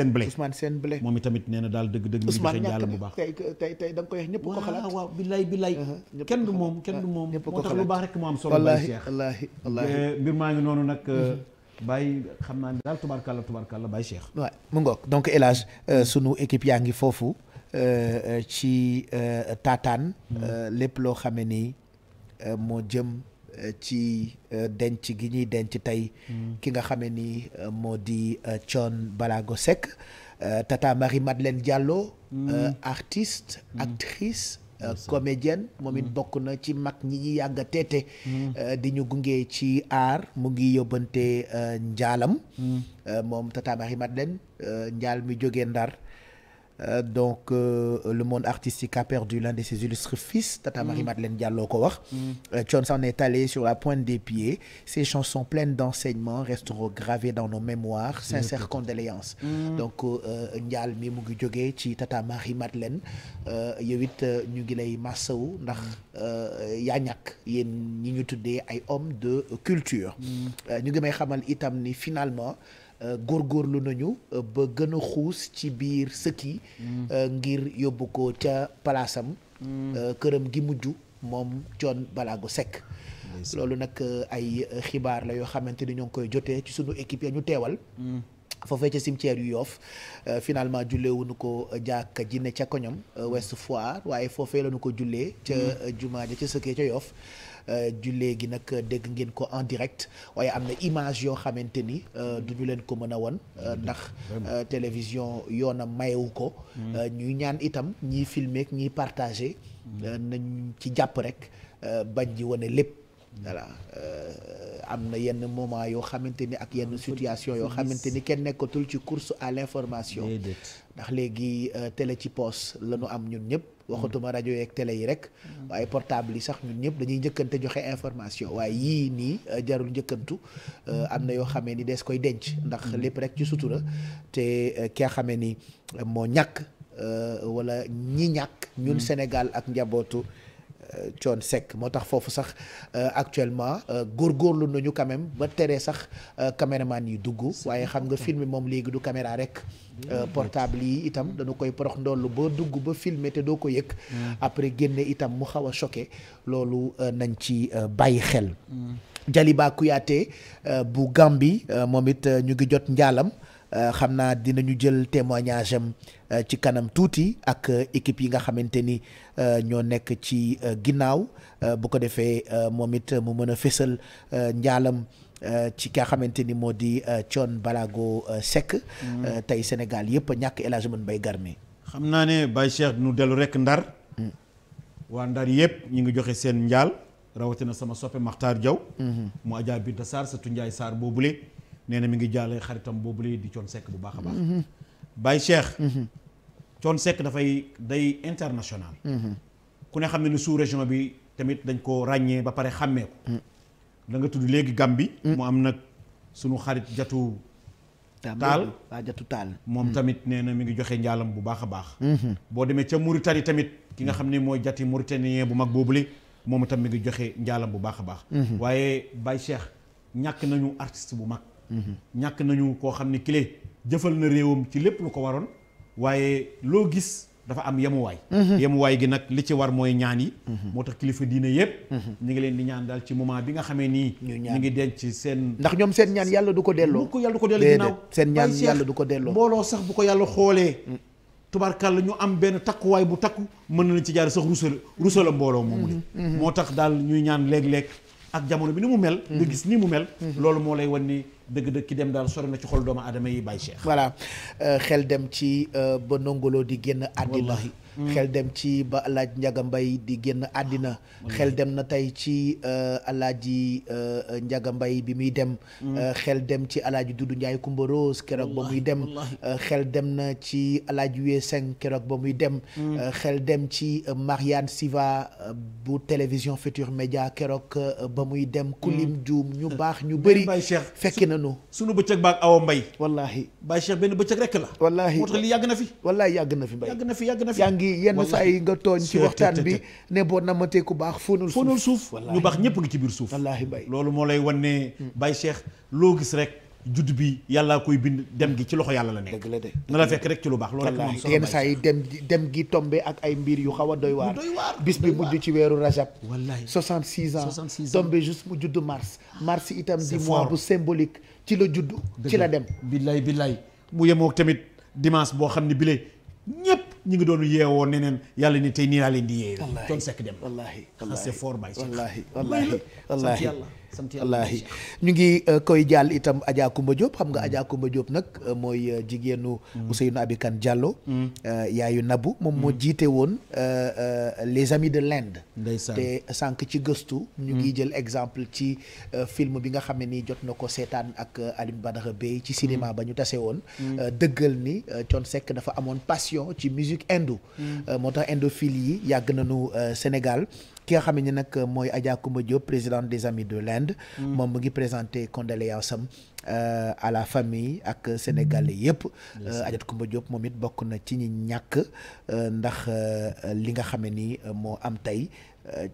Sène Blay Ousmane Sène moom itamit nee daal dëgg-dëgg. Ousmane ñàkk bu baax tey tey tey da nga koy wax ñëpp ko xalaat waaw waaw billaay billaay. Uh-huh. kenn du moom kenn du moom. ñëpp ko xalaat moo tax lu baax rek moo am solo. wallaahi wallaahi wallaahi eh, mbir maa ngi noonu nag. Uh-huh. Euh, Baye xam naa ne daal tubaarkàlla tubaarkàlla Baye Cheikh. donc El euh, sunu équipe yaa ngi foofu euh, ci taataan. Mm-hmm. lépp loo xamee ni moo jëm. Euh, ci euh, denc gi ñuy denc tey mm. ki nga xamee ni euh, moo di Thione Ballago Seck Tata Marie Madeleine jàlloo mm. artiste mm. actrice comédienne moom it bokk na ci mag ñi ñi yàgg a di ñu gunge ci aar mu ngi yóbbante njaalam moom Tata Marie Madeleine njaal mi jóge Ndar Euh, donc euh, le monde artistique a perdu l'un de ses illustres fils Tata Marie-Madeleine mm. Diallo ko wax mm. euh, Thione s'en est sur la pointe des pieds ses chansons pleines d'enseignements resteront gravées dans nos mémoires mm. sincères condoléances donc njaal mi mu ngi jógee ci Tata Marie-Madeleine yow it ñu ngi lay massawu ndax yaa ñàkk yéen ñi ñu tuddee ay hommes de culture ñu ngi may xamal itam ni finalement Euh, góor góorlu nañu euh, ba gën a xuus ci biir sëkki mm. euh, ngir yóbbu ko ca palaasam mm. këram gi mujj moom Thione Ballago sekk loolu nag ay xibaar la yoo xamante ni ñoo ngi koy jotee ci suñu équipe ya ñu teewal mm. foofee ca cimetière yu yoof finalement jullee wuñu ko jàkk ji ca koñom Ouest Foire waaye foofee lañu ko jullee ca jumaa ja ca sëkkee ca yoof jullee euh, gi nag euh, dégg ngeen ko en direct waaye am na image yoo xamante ni euh, mm-hmm. du ñu leen ko mën a won mm-hmm. ndax télévision yoon a mayewu ko mm-hmm. ñuy ñaan itam ñiy filmer ak ñiy nañ ci jàpp rek bañ ji wane lépp voilà am na yenn moment yoo xamante ni ak yenn ah, situation yoo xamante ni kenn nekkatul ci course à l'information ndax léegi tele ci poste la ñu am ñun ñëpp waxatuma rajo yeeg télé yi rek mm-hmm. waaye portable yi sax ñun ñëpp dañuy njëkkante joxe information waaye yii nii euh, jarul njëkkantu euh, am na yoo xamee ni des koy denc ndax mm-hmm. lépp rek ci sutura te euh, ki nga xamee ni moo ñàkk wala ñi ñàkk ñun mm-hmm. Sénégal ak njabootu coon sec moo tax foofu sax euh, actuellement euh, góor góorlu nañu quand ba tere sax euh, caméraman yi dugg waaye xam nga film moom léegi du caméra rek portable yi itam dañu koy porox ndollu ba dugg ba filmer te doo ko yëg mm. après génne itam mu xaw a choqué loolu nañ ci bàyyi xel mm. Jaliba Kouyaté bu Gambie moom it ñu ngi jot njaalam Euh, xam naa dinañu jël témoignage am euh, ci kanam tuuti ak euh, équipe yi nga xamante ni ñoo nekk ci ginnaaw bu ko defee moom it mu mën a fésal njaalam ci ki nga xamante ni moo di Thione Balago Seck. Mm. tey Sénégal yëpp ñàkk El Hadj Mane Garmi. xam naa ne Baye Cheikh nu dellu rek ndar. Mm. waa ndar yëpp ñu ngi joxe seen njaal rawatina sama soppe Makhtar Diaw. Mm-hmm. mu Adja Binta Sarr sa tunjaay Sarr boobule. nee na mi ngi jàllee xaritam boobu lay di Thione Seck bu baax a baax. Mm-hmm. Baye Cheikh. Mm-hmm. Thione Seck dafay day international. Mm-hmm. ku ne xam ne ni su région bi tamit dañ ko ràññee ba pare xàmmee mm. danga tudd léegi Gambie. Mm. mu am nag sunu xarit jatu. taal waaw jatu taal. moom mm. tamit nee na mi ngi joxe njaalam bu baax a baax. boo demee ca Mauritanie tamit ki nga xam ne mooy jati mauritanien bu mag boobu boobule moom itam mi ngi joxe njaalam bu baax a baax. waaye Baye Cheikh ñàkk nañu artiste bu mag. ñàkk nañu koo xam ne clé jëfal na réewam ci lépp lu ko waroon waaye loo gis dafa am yemuwaay mhm. yemuwaay gi nag li ci war mooy ñaan yi mhm. moo tax kilifa diine yëpp mhm. ñu ngi leen di ñaan daal ci moment bi nga xamee nii ñu ngi denc seen ndax ñoom seen ñaan yàlla du ko delloo ko yàlla ko delloo ginnaaw seen ñaan yàlla du ko delloo mbooloo sax bu ko yàlla xoolee mm. la ñu am benn takkuwaay bu takku mën na ci jaar sax rusal rusala mbooloo moomu le moo tax daal ñaan léeg-léeg ak jamono bi ni mu mel. nga mhm. gis ni mu mel. Mhm. loolu moo lay wan ni dëgg-dëgg ki dem daal sori na ci xol doomu aadama yi bàyyi Cheikh. voilà euh, xel dem ci euh, ba nongolo di génn àddina. Mm. xel dem ci ba alaaj Njaga Mbay di génn àddina mm. xel dem na tey ci euh, alaaji euh, Njaga Mbay bi muy dem mm. euh, xel dem ci alaaji Dudu Njaay Kumba Rose keroog ba muy dem xel dem na ci alaaji Wee Seng keroog ba muy dem xel dem ci Marianne Siva bu télévision Futur Média keroog ba muy dem kulim juum ñu baax ñu bëri fekki nañu sunu bëccëg baak awa mbay wallaahi Baye Cheikh benn bëccëg rekk la wallaahi moo tax li yàgg na fi wallaahi yàgg na fi mbay yàgg na fi yàgg na fi yenn saa yi nga tooñ ci waxtaan bi ne boo namatee ku baax fonul fonul suuf ñu baax ñëpp ngi ci biir suuf bay loolu moo lay wan ne hmm. Baye Cheikh loo gis rek judd bi yàllaa koy bind dem gi ci loxo yàlla la nekk na la fekk rek ci lu baax loolu rek yenn saa yi dem dem gi tombé ak ay mbir yu xaw a doy waar bis bi mujj ci weeru rajab wallaay 66 ans tombé juste mu judd mars mars itam di mois bu symbolique ci la judd ci la dem billaay billaay mu yemook tamit dimanche boo xam ne bile ñu ngi doon yeewoo neneen yàlla ni tey nii laa leen di yeewee. wallaahi wallaahi kon sekk dem. wallaahi wallaahi c'est fort bay. wallaahi wallaahi wallaahi sant yàlla wallaahi ñu ngi euh, koy jàll itam Adja Kumba xam nga mm. Adja Kumba Diop nag euh, mooy euh, jigéenu. Mm. Ousseynou Abikan Diallo. Mm. yaayu Nabou moom moo jiite woon les amis de l'Inde. te sànq ci gëstu. ñu ngi jël exemple ci film bi nga xam ne nii jot na ko seetaan ak Alioune Badara Bey ci cinéma ba ñu tase woon. dëggal ni Thione Seck dafa amoon passion ci musique hindoue. moo tax indophiles yi yàgg na nañu Sénégal. ki nga xam ne nag mooy Adja Koumba Diop présidente des Amis de l'Inde mm. moom mu ngi présenté condoléances am euh, à la famille ak sénégalais mm. yëpp euh, Adja Koumba Diop moom it bokk na ci ñi ñàkk euh, ndax li nga xam ne ni moo am tey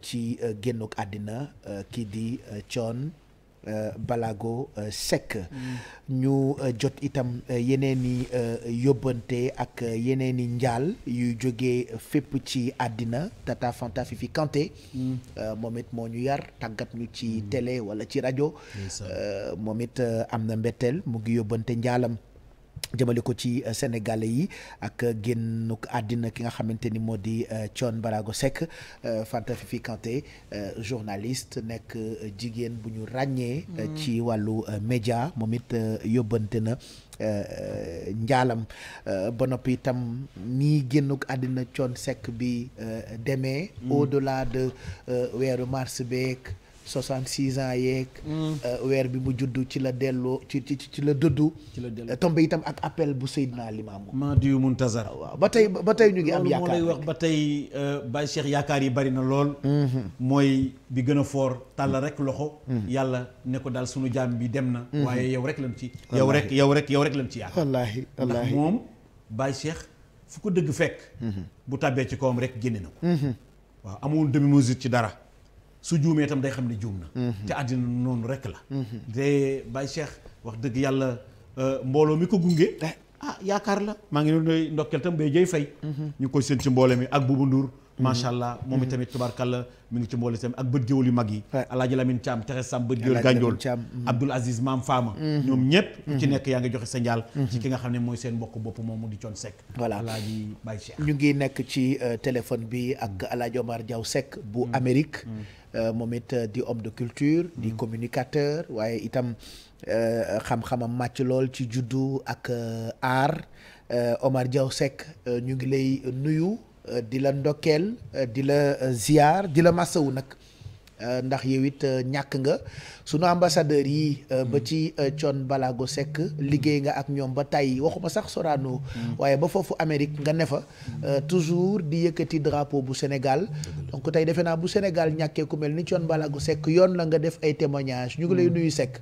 ci génnook àddina kii di Thione Euh, Balago euh, Seck mm. ñu euh, jot itam yeneen i yóbbante ak yeneen i njaal yu jógee fépp ci àddina Tata Fanta Fifi Kanté mm. moom it moo ñu yar tàggat ñu ci mm. télé wala ci rajo moom it am na mbetteel mu ngi yóbbante njaalam jëmale ko ci euh, sénégalais yi ak génnuk àddina ki nga xamante ni moo di euh, Thione Barago Seck euh, Fanta Fifi Kanté journaliste nekk jigéen bu ñu ràññee mm. ci wàllu média moom it yóbbante na njaalam ba noppi itam nii génnuk àddina Thione Seck bi demee mm. au delà de weeru marse beek 66 ans yeeg. Mm. Euh, weer bi mu juddu ci la delloo ci ci ci la duddu ci la delloo euh, tombé itam ak appel bu Seydina Limaamu. ma Muntazar. Ah, waaw ba tey ba tey ñu ngi am. yaakaar lay wax ba tey euh, Baye Cheikh yaakaar yi bari na lool. Mm-hmm. mooy bi gën a foor tàll mm-hmm. rek loxo. Mm-hmm. yàlla ne ko daal sunu jaam bi dem na. waaye yow rek lañ ci. yow rek yow rek yow rek lañ ci yaakaar. ndax moom Baye Cheikh fu ko dëgg fekk. bu tàbbee ci kawam rek génne na ko. waaw amul demi mesure ci dara. su juumee itam day xam ne juum na te àddina noonu rek la te Baye Cheikh wax dëgg yàlla euh, mbooloo mi ko gunge eh. ah yaakaar la maa ngi noonu ndokkeel tam bay jëy fay mhm. ñu ngi koy seen ci mbooloo mi ak Boubou Ndour Mm-hmm. macha allah moom itamit mm-hmm. tubaarkàlla mu ngi ci mbooloo itam ak bët géwël yu mag yi alaaji lamin Thiam Thérèse Sam bët géwël gànjool mm-hmm. Abdoul Aziz Maam Fama ñoom ñépp ku ci nekk yaa ngi joxe sa njaal ci ki nga xam ne mooy seen mbokk bopp moomu di Thione Seck voilà alaaji ñu ngi nekk ci euh, téléphone bi ak alaaji Omar Diaw Seck bu Amérique euh, moom it euh, di homme de culture di communicateur waaye itam xam-xamam màcc lool ci juddu ak art Omar Diaw Seck ñu ngi lay nuyu Euh, di la ndokkeel euh, di la euh, ziar di la masawu nag ndax yow it ñàkk nga sunu ambassadeur yi ba ci mm. Thione Balago sekk liggéey nga ak ñoom ba tey waxuma sax Sorano mm. waaye ba foofu Amérique nga ne fa mm. toujours di yëkkati drapeau bu Sénégal donc tey defe naa bu Sénégal ñàkkee ku mel ni Thione Balago sekk yoon la nga def ay témoignages ñu ngi lay nuyu sekk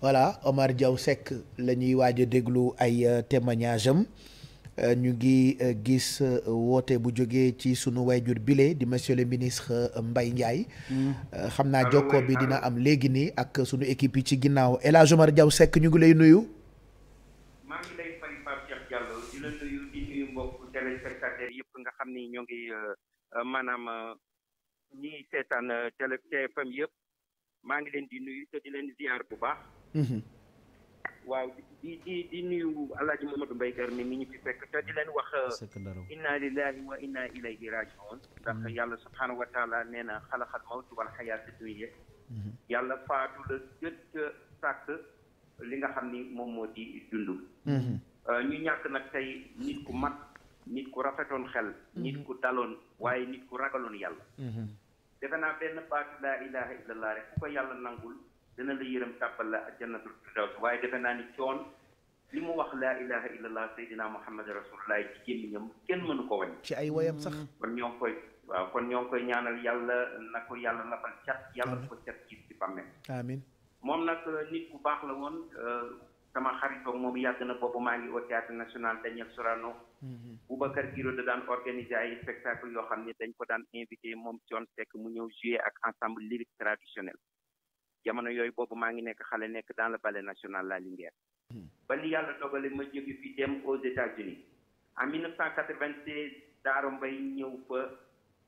voilà Omar Diaw Seck lañuy ñuy waaj a déglu ay euh, témoignage euh, ñu ngi euh, gis woote bu jóge ci sunu jur bile di monsieur le ministre Mbaye Ndiaye. Mm. xam naa jokkoo bi dina am léegi nii ak sunu équipe yi ci ginnaaw El Hadj Omar Diaw Seck ñu ngi lay nuyu. maa nga xam ni ñoo ngi maanaam ñiy seetaan télé TFM yëpp maa ngi leen di nuyu te di leen ziar bu baax. Mhm. waaw di di di nuyu Alaaji Mamadou Mbaye Garmi mi ñu fi fekk te di leen wax inna lillahi wa inna ilayhi rajiun ndax mhm. yàlla subhaanahu wa taala nee na xalaxal mawtu wal xayaata dunya mhm. yàlla faatu la jët sàkk li nga xam ni moom moo di dund euh, ñu ñàkk nag tey nit ku mat nit ku rafetoon xel nit ku daloon waaye nit ku ragaloon yàlla defe naa benn baatu laa ilaha illallah rek ku ko yàlla nangul dana la yërëm a la aljannatul firdaws waaye defe naa ni coon li mu wax laa ilaha illallah sayyidina muhammad rasulullah ci gémmiñam kenn mënu ko wañ ci ay woyam sax mm. kon ñoo ngi koy waaw kon ñoo ngi koy ñaanal yàlla na ko yàlla lafal cat yàlla na ko cat ci ci bàmmeel amiin moom nag euh, nit ku baax la woon euh, sama xaritoo moom yàgg na boobu maa ngi au théâtre national Daniel Sorano mm-hmm. Boubacar Guiro da daan organiser ay spectacle yoo xam ne dañ ko daan invité moom jamono yooyu boobu maa ngi nekk xale nekk dans le ballet national La Linguère. Hmm. ba li yàlla dogale ma jóge fi dem aux États-Unis en 1996 Daara Mbaye ñëw fa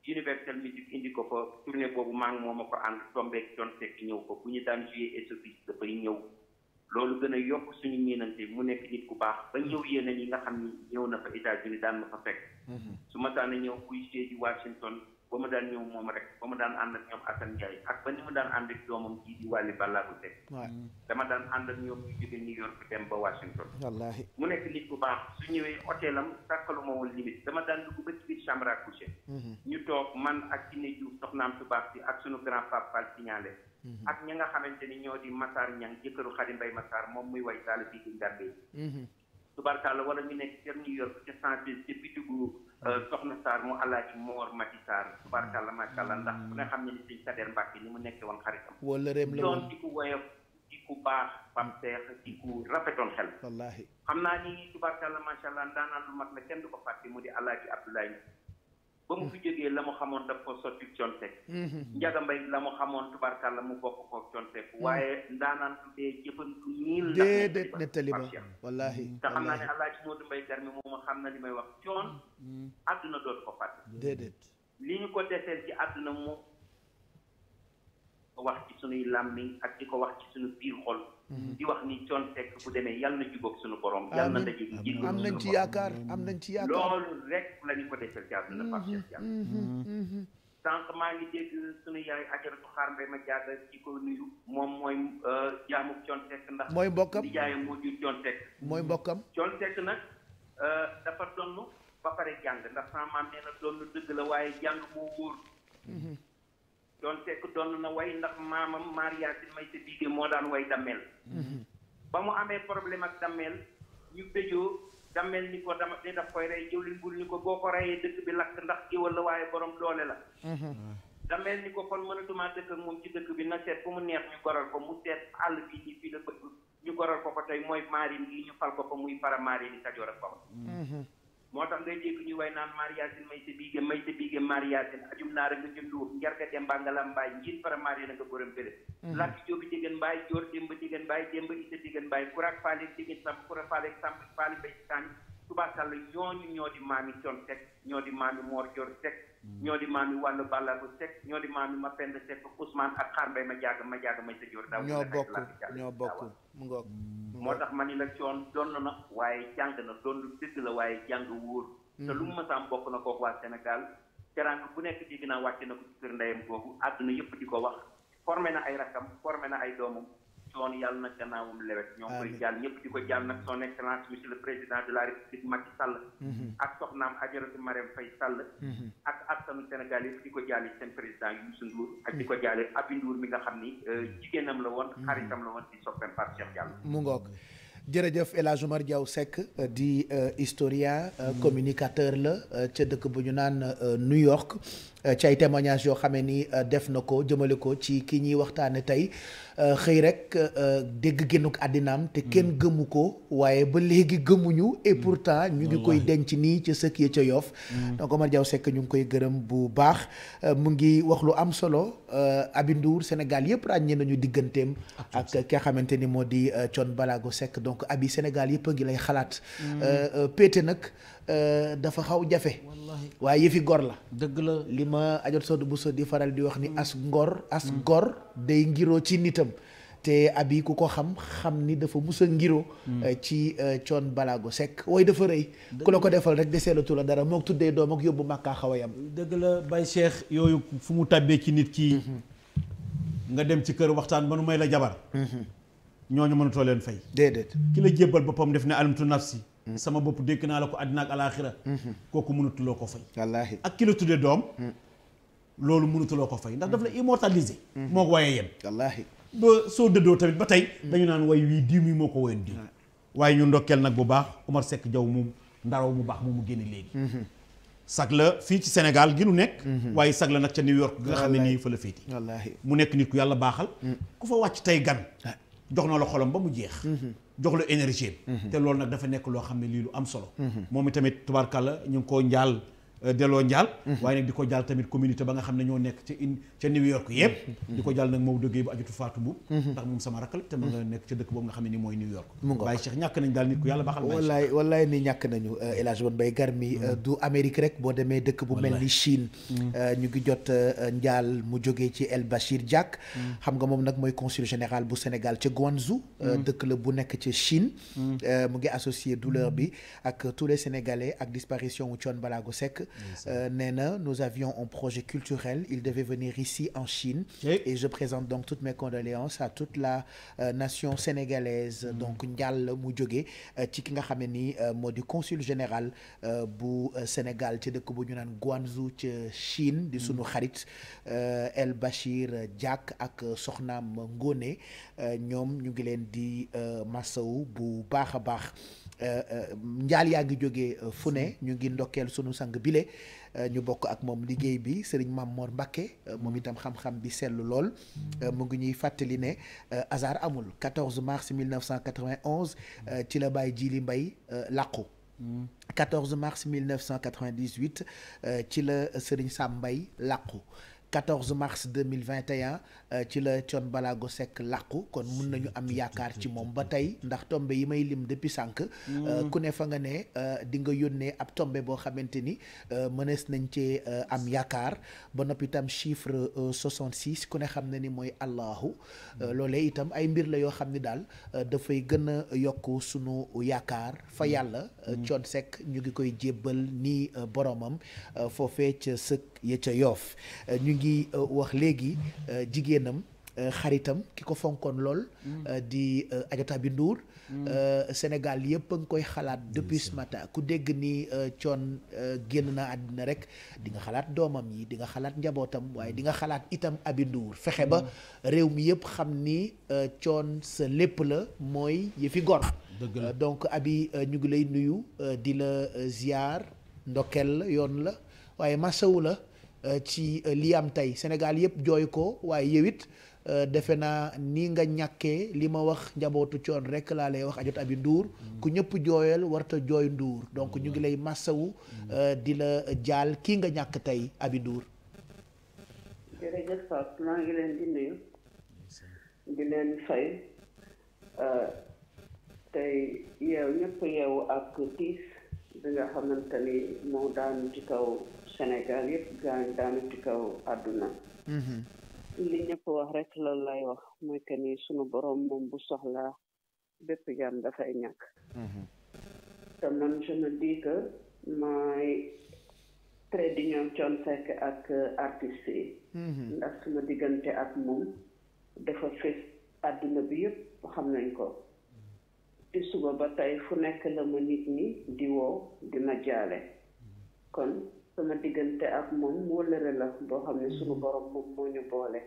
Universal Music indi ko fa tournée boobu maa ngi moom a ko ànd tombeek John Seck ñëw fa bu ñu daan jouer Esopis dafay ñëw loolu gën a yokk suñu ñeenante mu nekk nit ku baax ba ñëw yeneen yi nga xam ñëw na fa États-Unis daan ma fa fekk. Hmm. su ma saan a ñëw buy jouer di Washington. ba mu daan ñëw moom rek ba mu daan ànd ak ñoom Assane Ndiaye ak ba ni mu daan ànd ak doomam kii di Wally Ballago Seck mm. dama daan ànd ak ñoom ñu jóge New York dem ba Washington wallaahi mu nekk nit ku baax su ñëwee hôtelam sàkkalu ma woon limite dama daan dugg a ci biir chambre à coucher mm-hmm. ñu toog man ak Kiné Diouf soxnaam tubaab si ak sunu grand papa Fall mm-hmm. ak ñi nga xamante ni ñoo di Massar Niang jëkkëru Xadi Mbay moom muy way taal bii di Ngàmbe mm-hmm. tubaarkàlla wala ñu Euh, soxna Sarr mu alaaji Moor Mati Sarr tubaarkàlla maasàllaa ndax mu ne xam ne ni sëñ Sader Mbàkke ni mu nekkee woon xaritam wala réem la woon di ku woyof di ku baax pam seex di rafetoon xel wallaahi xam naa ni tubaarkàlla maasàllaa ndaanaan lu mag na kenn du ko fàtte mu di alaaji Abdoulaye ba mu fi jógee la mu xamoon daf ko sotti contek njaga mbay la mu xamoon tubarkal la mu bokk ko contek mm-hmm. waaye ndaanaan dee jëfantu niil déedéet nettali ba wallaahi te xam naa ne alaaji Moodu Mbay Garmi moom xam na li may wax coon mm-hmm. àdduna doot ko fàtte déedéet li ñu ko deseel ci àdduna mu wax ci sunuy làmmiñ ak di ko wax ci sunu biir xol Mhm. di wax ni Thione Seck bu demee yàlla na jubóog suñu borom. yàlla na daje ji am nañ ci yaakaar am nañ ci yaakaar loolu rek la ñu ko defal ci àdduna Pape Cheikh mhm, mhm, sànq maa ngi dégg suñu yaay Ajaratu Xaar Mbay ma jaaga ci ko nuyu moom mooy euh, jaamu Thione Seck ndax. mooy mbokkam di jaayam moo jur mooy mbokkam Thione Seck nag euh, dafa donn ba pare jàng ndax sama maam nee dëgg la waaye jàng moo wóor. doon sekk doon na way ndax maamam Maria si may sa biige moo daan way dammel ba mu amee problème ak dammel ñu béjoo dammel ni ko dama ni daf koy rey jëwlin bul ni ko boo ko reyee dëkk bi lakk ndax géwël la waaye borom loole la dammel ni ko kon mënatumaa dëkk ak moom ci dëkk bi na seet fu mu neex ñu goral ko mu seet àll bi ni fii la bëgg ñu goral ko ko tey mooy maarin yi ñu fal ko ko muy para maarin yi Kajoor ak moo tax ngay dégg ñu way naan mariasin may sa biige may sa biige mariasin ajum naara nga jënduwuf njarga demba ngalam mbaay njiit para maari na nga borom bële mhm. lakk jóobi diggan mbaay joor démb diggan mbaay démb isa diggan mbaay kurak faaleeg diggan samp kura faaleeg samp faali bay saani Touba Sall ñooñu ñoo di maami Thione Seck ñoo di maami Mor Dior Seck mhm. ñoo di maami Wàllu Ballago Seck ñoo di maami Mapenda Seck Ousmane ak xaar mbay ma jàgg ma jàgg may sa joor daw ñoo bokk ñoo bokk mu ngoog mm. moo tax ma ni la coon donn na waaye jàng na donn dëgg la waaye jàng wóor mm-hmm. te lu mu mës a bokk na koo waa Sénégal teraanga bu nekk dégg naa wàcc na ko ci kër ndeyam googu àdduna yëpp di ko wax formé na ay rakkam formé na ay doomam coon yàlla na gannaawam lewet ñoo koy jàll ñëpp di ko jàll nag son excellence monsieur le président de la république Macky Sall mm-hmm. ak soxnaam Adjaratou Marème Faye Sall mm-hmm. ak askanu Sénégal yëpp di ko jàll seen président Youssou Ndour ak di mm-hmm. ko jàlle Abi mi nga xam ni euh, jigéenam la woon xaritam la woon di soppeem par Cheikh Diallo mu ngoog jërëjëf El Hadj Omar Diaw Seck euh, di euh, historien euh, hmm. communicateur la ca dëkk bu ñu naan New York ci ay témoignages yoo xamee ni def na ko jëmale ko ci ki ñuy waxtaane tey xëy rek dégg génnuk àddinaam te kenn hmm. gëmu ko waaye ba léegi gëmuñu et hmm. pourtant ñu ngi koy denc nii ca sëkk ya ca yoof donc Omar Diaw sekk ñu ngi koy gërëm bu baax mu ngi wax lu am solo Aby Ndour Sénégal yëpp ràññee nañu digganteem ak ki nga xamante ni moo di Thione Ballago Seck donc abi Sénégal yëpp a ngi lay xalaat. Mm. Euh, euh, péete nag euh, dafa xaw jafe. waaye yëfi gor la. dëgg la li ma ajot Sow bu so di faral di wax ni mm. as ngor. as mm. gor day ngiroo ci nitam. te abi ku ko xam xam ni dafa mus a ngiro ci coon balaago sekk wooy dafa rëy ku la ko defal rek deseelatu la dara moo tuddee doom ak yóbbu màkkaa xaw a yam dëgg la bay Cheikh yooyu fu mu tàbbee ci nit ki mm-hmm. nga dem ci kër waxtaan ba nu may la jabar mm-hmm. ñoo ñooñu mënatoo leen fay déedéet ki la jébbal boppam def ne alimtu nafsi mm. sama bopp dékk naa la ko àddina ak alaaxira mm-hmm. kooku mënatuloo ko fay wallaahi ak ki la tudde doom mm. loolu mënatuloo ko fay ndax daf la mm-hmm. immortaliser mm-hmm. moo ko waaye yem ba soo dëddoo tamit ba tey mm. dañu naan way wii diw mi moo ko wayoon diw waaye ñu ndokkeel nag bu baax Omar sekk Diaw mu ndaraw mu baax moom mu génne léegi sag la fii ci Sénégal gi nu nekk waaye sag la nag ca New York nga xam ne nii fa la féeti mu nekk nit ku yàlla baaxal ku fa wàcc tey gan jox na la xolam ba mu jeex mhm. jox la énergie mhm. te loolu nag dafa nekk loo xam ne lii lu am solo mhm. moom i tamit tubaarkàlla ñu ngi koo njaal Euh, delloo njaal waaye nag di ko jaal tamit communité ba nga xam ne ñoo nekk ca in ca New York yëpp di ko jàll nag Maodo Gueye bu ajatu Fatou Mboup ndax moom sama rakk la te ma nga xam ne ni mooy New York Baye Cheikh ñàkk nañ daal nit ku yàlla baaxal ñàkk nañu euh, El Hadj Bon Baye Garmi euh, du Amérique rek boo demee dëkk bu mel ni Chine mm. ñu ngi jot njaal mu jógee ci El Bachir Diack mm. xam nga moom nag mooy consul général bu Sénégal ca Guangzhou mm. dëkk la bu nekk ca Chine mu ngi associé douleur bi ak tous les Sénégalais ak disparition wu balaa Balago sekk Euh, nee na nous avions un projet culturel il devait venir ici en Chine et je présente donc toutes mes condoléances à toute la euh, nation sénégalaise mm. donc njàll mu jóge ci ki nga xam ne ni euh, moo di consul général bu Sénégal ci dëkk bu ñu naan Guangzhou ca Chine di mm. sunu xarit El Bachir Diack ak soxnaam Ngone ñoom ñu ngi leen di masawu bu baax a baax njaal yaa ngi jóge fu ne ñu ngi ndokkeel sunu sang bile euh, ñu bokk ak moom liggéey bi sëriñ Mamor Mbacke euh, moom itam xam-xam bi seetlu lool mm-hmm. euh, mu ngi ñuy fàttali ne hasard amul 14 mars 1991 ci la bàyyi Jili Mbay làqu 14 mm-hmm. mars 1998 ci la sëriñ Sam Mbay làqu 14 mars 2021 Euh, ci la Thione Ballago sekk làqu kon mun nañu am yaakaar ci moom ba tey ndax tombe yi may lim depuis sànq. Euh, mm. ku ne fa nga ne euh, di nga yónnee ab tombe boo xamante ni mënees nañ cee am yaakaar ba noppi itam chiffre 66 ku ne xam ne ni mooy Allahu mm. loole itam ay mbir la yoo xam ni daal dafay gën a yokk suñu yaakaar fa mm. yàlla. Thione Seck ñu ngi koy jébbal nii boromam foofee ca sëkk ya ca yoof ñu ngi wax léegi jigéen. jigéenam euh, xaritam ki ko fonkoon lool. Mm. Euh, di euh, Adjata bi Ndour. Mm. Sénégal yëpp a ngi koy xalaat depuis ce matin ku dégg ni coon génn na àddina rek di xalaat doomam yi di nga xalaat njabootam waaye mm. di nga xalaat itam abi Ndour fexe ba réew mi yëpp xam ni coon sa lépp la mooy yëfi gor. donc abi ñu ngi lay nuyu di la ziar ndokkeel la yoon la waaye masawu la. Euh, ci euh, li am tey Sénégal yëpp jooy ko waaye yow it euh, defe naa ni nga ñàkkee li ma wax njabootu coon rek laa lay wax ajot abi nduur ku ñëpp jooyal warta jooy nduur donc ñu ngi lay massawu di la jaal kii nga ñàkk tey abi nduur jërëjëf maa ngi leen di nuyu di leen fay tey yeew ñëpp yeewu ak tiis bi nga moo daanu ci kaw Sénégal yëpp gaañ daanu ci kaw àdduna mhm. li ñëpp wax rek loolu lay wax mooy que ni sunu borom bu soxlaa bépp jaam dafay ñàkk mhm. te man je me dis que maay très d'union ak artistes mhm. ndax suma diggante ak moom dafa fés àdduna bi yëpp xam nañ ko di suba ba tey fu nekk la ma nit ñi di woo di jaale kon sama diggante ak moom wóllëre la boo xam ne suñu mm-hmm. borom moom moo ñu boole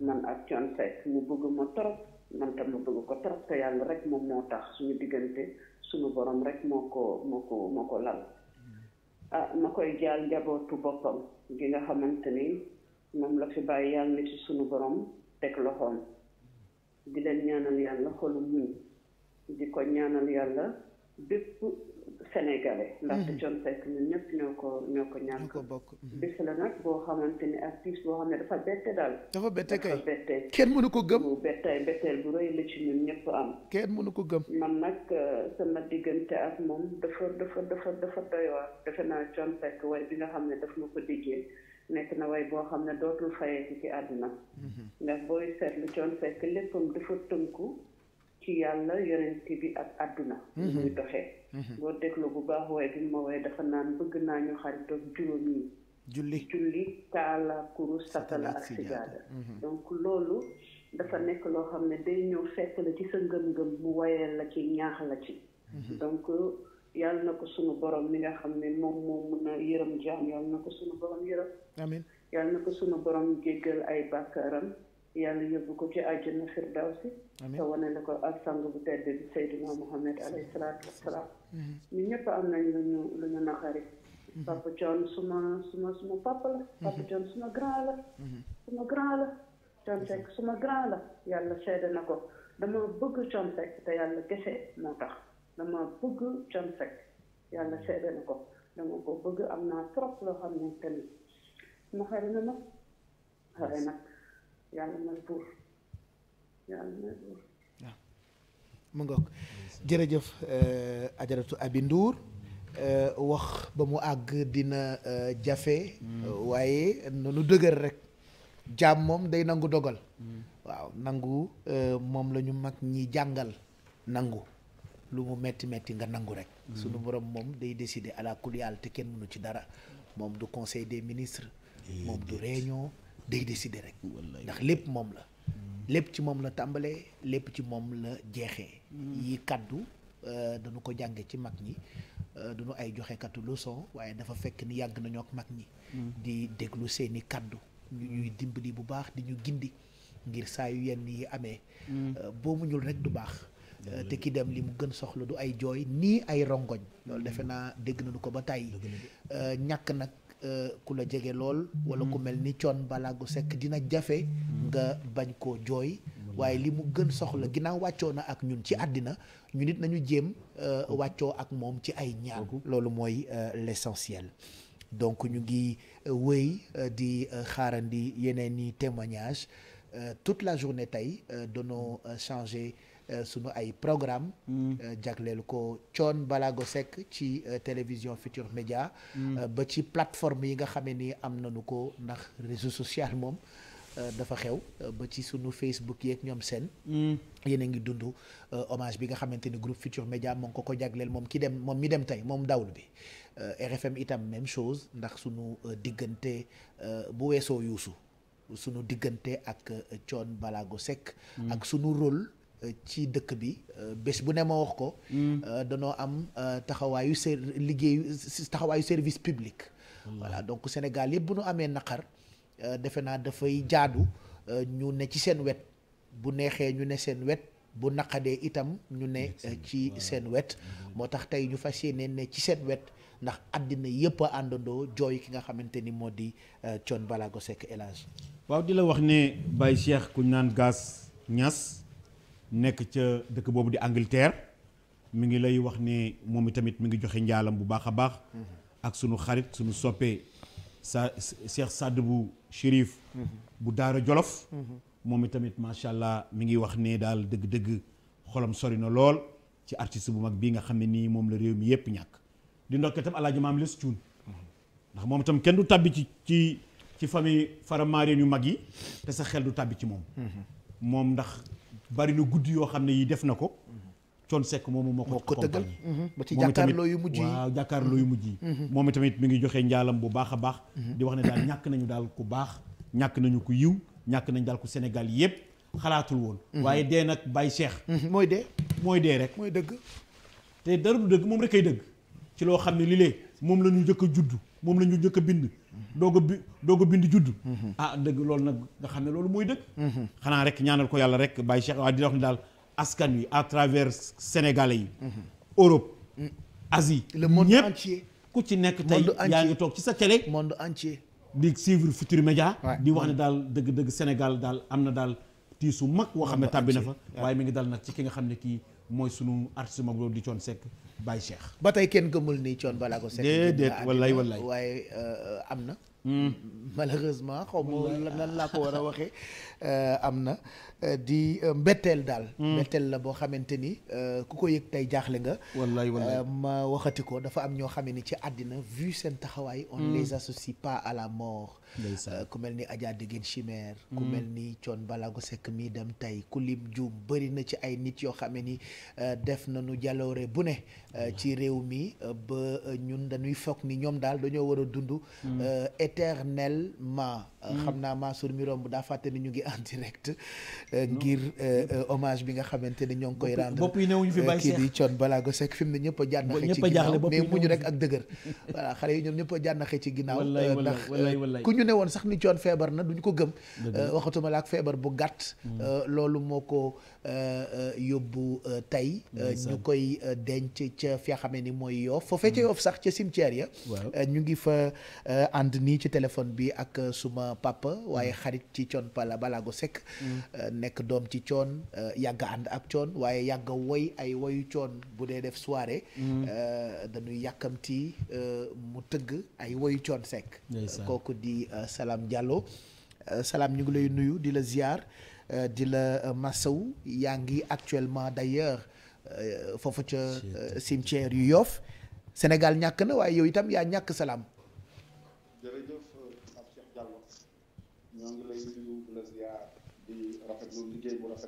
man ak Thione Seck mu bëgg ma trop man tam ma bëgg ko trop te yàlla rek moom moo tax suñu diggante suñu boroom rek moo ko moo ko ko lal mm-hmm. ah ma koy jaal njabootu boppam gi nga xamante ni moom la fi bàyyi yàlla na suñu boroom teg loxoom di leen ñaanal yàlla xolu muñ di ko ñaanal yàlla bépp sénégalais. ndaxte Thione mhm. Seck ñëpp ñoo ko ñoo ko ñàkk. ñoo ko bokk mhm. bis la nag boo xamante ni artiste boo xam ne dafa bette daal. dafa bette kay dafa bette. kenn mënu ko gëm. bu bettee betteel bu rëy la ci ñun ñëpp am. kenn mënu ko gëm. man nag euh, sama diggante ak moom dafa dafa dafa dafa doy defe naa Thione Seck way bi nga xam ne daf ma ko diggee. nekk na way boo xam ne dootul fayee ci àdduna. Mhm. ndax booy seetlu Thione Seck léppam dafa tënku ci yàlla yonent bi ak àdduna. muy doxee. boo mhm. déglu bu baax waaye bi ma woowee dafa naan bëgg naa ñu xaritoog juróom yi julli julli kaala kurus satala ak sijaada mhm. donc loolu dafa nekk loo xam ne day ñëw fekk la ci sa ngëm-ngëm mu wayee la ci ñaax la ci mhm. donc yàlla na ko sunu borom mi nga xam ne moom mun a yërëm jaam yàlla na ko sunu borom yërëm amiin yàlla na ko sunu borom jéggal ay bàkkaaram yàlla yóbbu ko ci àjjana firdawsi te wane na ko ak sang bu tedd bi Seydina Muhammad alayhi Mm-hmm. ñun ñëpp am na lu ñu lu ñu naqari mm-hmm. papa Thione suma suma papa la mm-hmm. papa Thione suma grand la suma grand la yàlla seede na ko dama bëgg Thione Seck te yàlla gese moo tax dama bëgg Thione Seck yàlla seede na ko dama bëgg am naa trop loo xam ne tamit suma xare na ma xare nag yàlla may buur yàlla may buur mu ngoog jërëjëf euh, ajaratu Aby Ndour euh, wax ba mu àgg dina euh, jafe mm. waaye nanu dëgër rek jaam moom day nangu dogal mm. waaw nangu moom la ñu mag ñi jàngal nangu lu mu metti metti nga nangu rek mm. sunu borom moom day décider à la te kenn mënu ci dara moom du conseil des ministres moom du réunion day décider rek ndax lépp moom la lépp ci moom la tàmbalee lépp ci moom la jeexee. Hmm. yi kaddu euh, danu ko jànge ci mag ñi euh, duñu ay joxekatu leçon waaye dafa fekk ni yàgg nañoo ak mag ñi. Hmm. di déglu seeni kaddu. ñu ñuy dimbali bu baax di ñu gindi ngir saa yu yenn yi amee. Hmm. Euh, boo muñul rek du baax. te ki dem li mu gën soxla du ay jooy nii ay rongoñ. loolu defe naa dégg nañu ko ba tàyyi ñàkk nag. Euh, ku la jege lool. wala ku mm. mel ni coon gu sekk dina jafe. Mm. nga bañ koo jooy. Mm. waaye li mu gën soxla ginnaaw wàccoo na ak ñun ci àddina ñu nit nañu jéem euh, wàccoo ak moom ci ay ñaan mm-hmm. loolu mooy euh, l'essentiel. donc ñu ngi wéy di xaarandi yeneen i témoignages toute la journée tey dono changer. Euh, sunu ay programme mm. euh, jagleel ko Thione Ballago sekk ci euh, télévision Futur Média mm. ba ci plateforme yi nga xamee ni am nañu ko ndax réseau social moom dafa xew ba ci sunu Facebook yeeg ñoom seen mm. yéen a ngi dund hommage bi nga xamante ni groupe Futur Média moo ngi ko ko jagleel moom ki dem moom mi dem tey moom dawlu bi RFM itam même chose ndax suñu diggante bu weesoo yuusu sunu diggante ak coon Ballago Seck ak suñu rôle ci dëkk bi euh, bés bu ne ma wax ko. Hmm. Euh, danoo am euh, taxawaayu ser liggéeyu taxawaayu service public. Hmm. voilà donc Sénégal yëpp bu nu amee naqar defe naa dafay jaadu ñu ne ci seen wet bu neexee ñu ne seen wet bu naqadee itam ñu ne ci seen wet hmm. moo tax tey ñu fas yéene ne ci seen wet ndax àddina yëpp a àndandoo jooy ki nga xamante ni moo di Thione Ballago ko El Hadj waaw di la wax ne Baye Cheikh ku naan Gaas Ñas nekk ca dëkk boobu di Angleterre mu ngi lay wax ne moom itamit mu ngi joxe njaalam bu baax a baax ak sunu xarit sunu soppee sa sàdd bu Chérif bu Daara Jolof moom itamit macha allah mi ngi wax ne daal dëgg-dëgg xolam sori na lool ci artiste bu mag bii nga xam ne nii moom la réew mi yépp ñàkk di ndokkee itam alaaji maam les cuun ndax moom itam kenn du tàbbi ci ci ci famille faramaareen yu mag yi te sa xel du tàbbi ci moom moom ndax bari na guddi yoo xam ne yi def na ko Thione Seck moomu moo ko tëggal mhm. ba ci jàkkaarloo yu mujj yi waaw jàkkaarloo yu mujj mhm. Mhm. moom itamit mi ngi joxe njaalam bu baax a baax di wax ne daal ñàkk nañu daal ku baax ñàkk nañu ku yiw ñàkk nañu daal ku Sénégal yëpp xalaatul woon waaye dee nag Baye Cheikh mooy dee mooy dee rek mooy dëgg te dara du dëgg moom rek ay dëgg ci loo xam ne li lee moom lañu ñu njëkk a judd moom la ñu njëkk a bind doog a bi doog a bind judd mhm. ah dëgg loolu nag nga xam ne loolu mooy dëgg mhm. xanaa rek ñaanal ko yàlla rek Baye Cheikh waaye dina wax daal askan wi à travers sénégalais yi mhm. Europe mm. Asie le monde entier ku ci nekk tey yaa ngi toog ci sa télé monde entier di suivre Futurs Médias di wax ne daal dëgg-dëgg Sénégal daal am na daal tiisu mag woo xam ne tàbbi na fa waaye mu ngi daal nag ci ki nga xam ne kii mooy sunu artiste mag loolu di Thione Seck Baye Cheikh. ba tey kenn gëmul ni Thione Ballago Seck. déedéet wallaay wallaay waaye euh, am na. Hmm. malheureusement xaw ma lan laa ko war a waxee euh, am na. Euh, di euh, mbetteel daal. Hmm. mbetteel la boo xamante ni euh, ku ko yëg tey jaaxle nga. wallaay wallaay ma waxati ko dafa am ñoo xam ni ci àddina vu seen taxawaay. on hmm. les associe pas à la mort. ku mel ni Adja Degen Chimère. ku hmm. mel ni Thione Ballago Seck mii dem tey ku lim juum bëri na ci ay nit yoo xam ne ni def nañu jaloore bu ne ci réew mi ba ñun dañuy foog ni ñoom daal dañoo war a dund. éternellement. xam naa Mansour mi romb daa fàtte ni ñu ngi en direct. Euh, ngir euh, euh, hommage bi nga xamante ne ñoo ngi koy rendre bopp yi newuñu fi bàyyi kii balaa Thione Ballago Seck fi mu ne ñëpp a jànnaxe ci ginnaaw mais mujj rek ak dëgër voilà xale yi ñoom ñëpp a jànnaxe ci ginnaaw ndax ku ñu ne woon sax ni Thione feebar na duñ ko gëm waxatuma la ak feebar bu gàtt mm. loolu moo ko Euh, euh, yóbbu euh, tey. ñu koy denc ca fi nga xam ni mooy Yoff foofee ca mm-hmm. Yoff sax ca cimetière ya. ñu ngi fa ànd nii ci téléphone bi ak suma papa waaye mm-hmm. xarit ci coon pala balaago sekk. Mm-hmm. nekk doom ci coon yàgg ànd ak coon waaye yàgg woy ay woyu coon bu dee def soirée. dañuy yàkkamti mu tëgg ay woyu coon sekk. kooku di salaam Diallo Salam ñu ngi lay nuyu di la ziar. Euh, di la euh, masawu yaa ngi actuellement d'ailleurs euh, foofu ca cimetière yu Yoff Sénégal ñàkk na waaye yow itam yaa ñàkk salaam. jërëjëf ngi lay nuyu la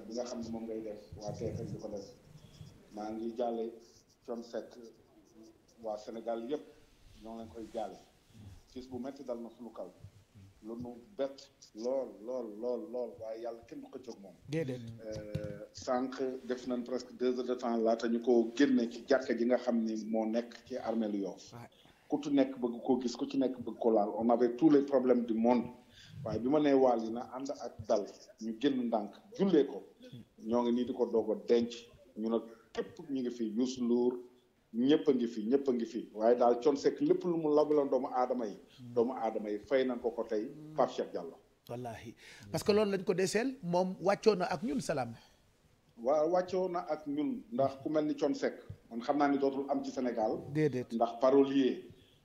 bi nga xam ne moom ngay def waa TFM di maa ngi jàlle Thione Seck waa Sénégal yépp ñoo nga koy jàlle gis bu metti dal na suñu kaw. lu nu bett lool lool lool lool waaye yàlla kenn du ko jóg moom. déedéet. Euh, sànq def nañ presque deux heures de temps laata ñu ko génne ci jàkka ji nga xam ni moo nekk ci armée lu Yoff ku ci nekk bëgg koo gis ku ci nekk bëgg ko laal on avait tous les problèmes du monde waaye bi ma nee waal yi na ànd ak dal ñu génn ndànk jullee ko hmm. ñoo ngi nii di ko doog denc ñu ne képp ñu ngi fi Youssou lour ñëpp a ngi fi ñëpp a ngi fi waaye daal Thione lépp lu mu labaloon doomu aadama yi. Hmm. doomu aadama yi fay nañ ko ko tey hmm. Pape parce que loolu lañ ko deseel moom wàccoo na ak ñun salaam. waaw wàccoo na ak ñun ndax ku mel ni Thione Seck man xam naa ni dootul am ci Sénégal. déedéet ndax parolier.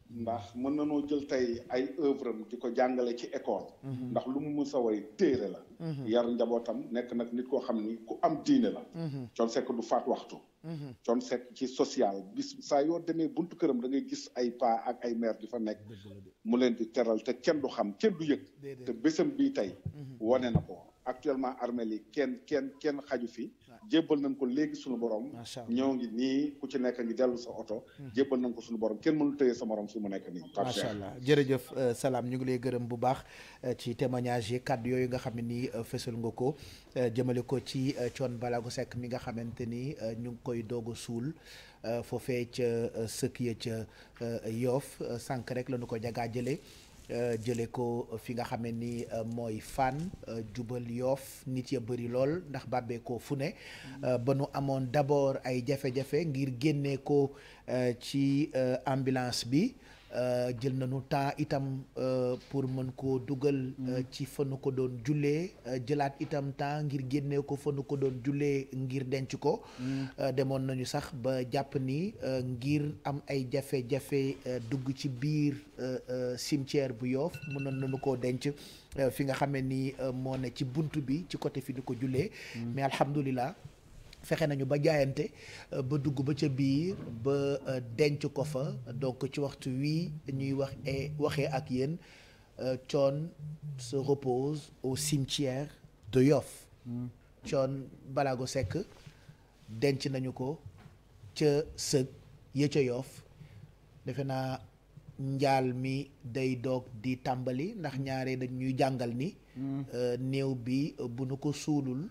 Hmm. ndax mën na noo jël tey ay œuvre am di ko jàngale ci école. ndax lu mu mës a way téere la. yar njabootam nekk nag nit koo xam ni ku am diine la. Thione du faat waxtu. Thione mhm. Seck ci social bis saa yoo demee buntu këram da ngay gis ay paa ak ay meer di fa nekk mu leen di teral te kenn du xam kenn du yëg te bésam bi tey mhm. wane na ko actuellement armel yi kenn kenn kenn xaju fi jébbal nañ ko léegi suñu borom ñoo ngi nii ku ci nekk ngi dellu sa oto hmm. jébbal nañ ko suñu borom kenn mënu tëye sa morom fi mu nekk nii allah jërëjëf euh, salaam ñu ngi lay gërëm bu baax euh, ci témoignage yi kàddu yooyu nga xam ne nii euh, fësal nga ko jëmale ko ci coon balago sekk mi nga xamante ni ñu ngi koy doog a suul foofee ca sëkk ya ca yoof sànq rek lañu ko jagaa jële Euh, jële ko fi nga xamee ni euh, mooy fan euh, jubal yoof nit ya bari lool ndax bàbbee ko fu ne ba nu amoon d'abord ay jafe-jafe ngir génnee ko ci ambulance bi Euh, jël nañu temps itam euh, pour mën koo dugal euh, mm. ci fa nu ko doon jullee jëlaat itam temps ngir génnee ko fa nu ko doon jullee ngir denc ko mm. demoon nañu sax ba jàpp ni ngir am ay jafe-jafe dugg ci biir cimetière bu Yoff mënoon nañu koo denc fi nga xamee ni moo ne ci bunt bi ci côté fi nu ko jullee mm. mais alhamdulilah fexe nañu ba jaayante euh, ba dugg ba ca biir ba euh, denc ko fa donc ci waxtu wii ñuy wax eh, waxee ak yéen coon euh, se repose au cimetière de Yoff Thione Ballago Seck denc nañu ko ca sëg ya ca Yoff defe naa njaal mi day doog di tàmbali ndax ñaare dañuy jàngal ni mm. néew bi bu nu ko suulul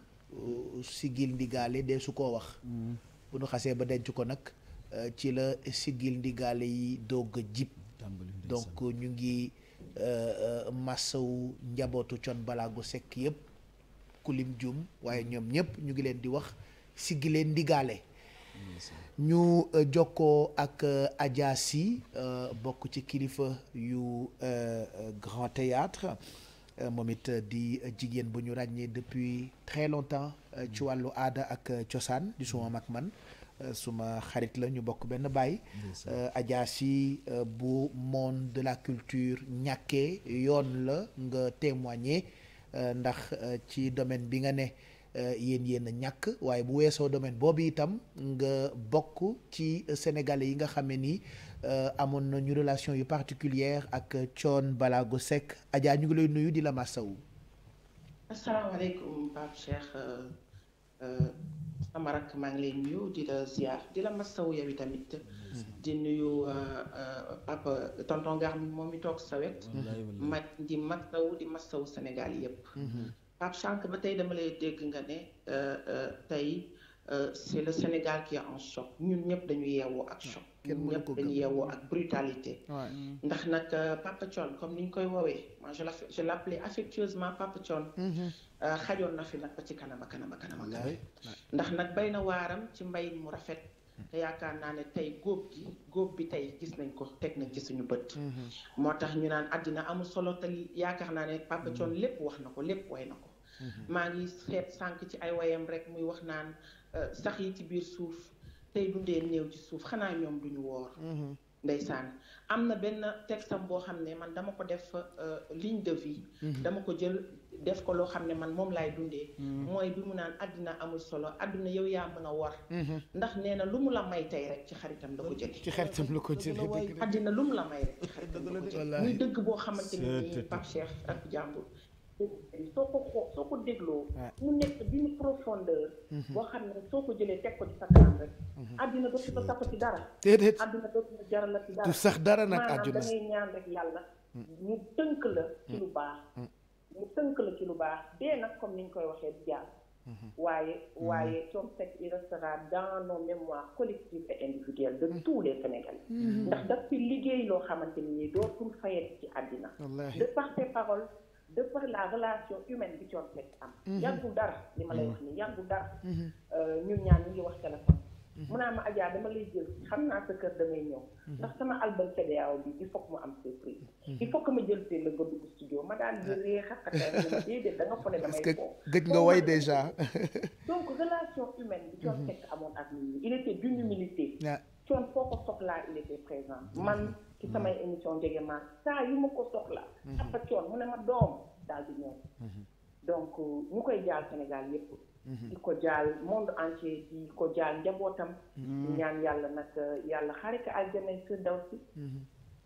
sigil ndigaale dee su ko wax mm. bu nu xasee ba denc ko nag euh, ci la sigil ndigaale yi doog a jib donc ñu ngi euh, massawu njabootu Thione Ballago Seck yëpp ku lim jum waaye mm. ñoom ñëpp ñu ngi leen di wax sigile ndigaale ñu euh, jokkoo ak Adja Sy bokk ci kilifa yu Grand Théâtre Euh, moom it euh, di euh, jigéen bu ñu ràññee depuis très longtemps ci mm. wàllu aada ak cosaan di mm. suma mag man suma xarit la ñu bokk benn baay Adja Sy bu monde de la culture ñàkkee yoon la nga témoigner ndax ci domaine bi nga ne yéen yéen ñàkk waaye bu weesoo domaine boobu itam nga bokk ci sénégalais yi nga xam ne nii Euh, amoon nañu relation yu particulière ak coon euh, Balago Seck Adja ñu ngi lay nuyu di la masawu. asalaamaaleykum Pape Cheikh euh, sama rakk maa ngi lay nuyu di la ziar di la masawu yow tamit. Mm-hmm. di nuyu papa tonton Garmi moom mi toog sa wet. ma di masawu di masawu Sénégal yépp mm-hmm. Pape Cheikh ba tey dama lay dégg nga ne tey c'est le Sénégal ki en choc ñun ñëpp dañu yeewoo ak choc. kenn mënu ko gëm ñëpp dañuy yeewoo ak brutalité. ndax nag euh, Papa Thione comme ni ñu koy woowee moi je l' je l' appelais affectueusement Papa Thione. Mm-hmm. Euh, xajoon na fi nag ba ci kanam a kanam a kanam a kanam. ndax nag bay na waaram ci mbay mu rafet. te yaakaar naa ne tey góob gi góob bi tey gis nañ ko teg nañ ci suñu bët. Mm-hmm. moo tax ñu naan àddina amul solo te yaakaar naa ne Papa Thione mm-hmm. lépp wax na ko lépp way na ko. maa ngi xeet sànq ci ay wayam rek muy wax naan euh, sax yi ci biir suuf. tey dundee néew ci suuf xanaa ñoom duñu woor mm-hmm. ndeysaan am na benn textam boo xam ne man dama ko def euh, ligne de vie mm-hmm. dama ko jël def ko loo xam ne man moom laay dundee mm-hmm. mooy bi mu naan àddina amul solo àdduna yow yaa mën a war ndax nee na lu mu la may tey rek ci xaritam da ko jëlee ci xaritam la ko jëlee àddina lu mu la may rek ci xaritam la ko jëlee muy dëgg boo xamante ne nii Pape Cheikh ak jàmbur soo ko soo ko dégloo mu nekk d'une profondeur mhm. boo xam ne soo ko jëlee teg ko ci sa kanam rek mhm. àddina dootu ko sax ci dara déedéet àddina dootu ko dara du sax dara nag àddina da ngay ñaan rek yàlla mu mm. tënk la ci mm. lu baax mu mm. tënk la ci lu baax dee nag comme ni ñu koy waxee jaar mhm. waaye waaye Thione Seck il restera dans nos mémoires collectives et individuelles de tous les Sénégalais. ndax daf fi liggéey loo xamante ni dootul fayet ci àddina de par ses de par la relation humaine bi coon fekk am mhm. yàggul dara li ma lay mhm. wax nii yàggul dara mhm. euh, ñun ñaan ñu ngi wax téléphone mu naa ma Adja dama lay jël xam naa sa kër damay ñëw ndax sama album CEDEAO bi il faut que mu am surprise il faut que ma jël see la nga dugg studio ma daal di ree xaqatay ma déedéet da nga fone damay foo gëj nga way déjà donc relation humaine bi coon fekk amoon ak nit il était d'une humilité coon foo ko soxlaa il était présent ci samay mm-hmm. émission jege maa saa yu ma ko soxla mm-hmm. a coon mu ne ma doom daal di ñëw mm-hmm. donc euh, ñu koy jaal Sénégal yépp di ko jaal monde entier di ko jaal njabootam di ñaan yàlla nag euh, yàlla xare ko aljana firdaws si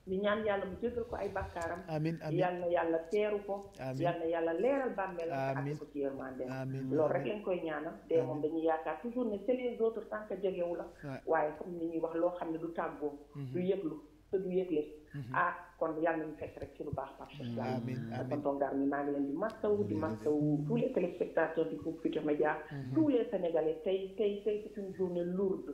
di ñaan yàlla mu jéggal ko ay bakkaaram amiin amiin yal na yàlla teeru ko yal yàlla leeral bàmmeel ak ko ci yërmande loolu rek lañ koy ñaanal dee moom dañuy yaakaar toujours ne c'est les autres jegewu la waaye comme ni ñuy wax loo xam ne du tàggoo du yëglu te du yëg leen mhm. ah, kon yàlla nañu fekk rek ci lu baax Pape Cheikh Laye amiin tonton Ndar mi maa ngi leen di mastawu di mastawu tous les téléspectateurs du groupe Futurs Médias mhm. tous les sénégalais tey tey tey c'est une journée lourde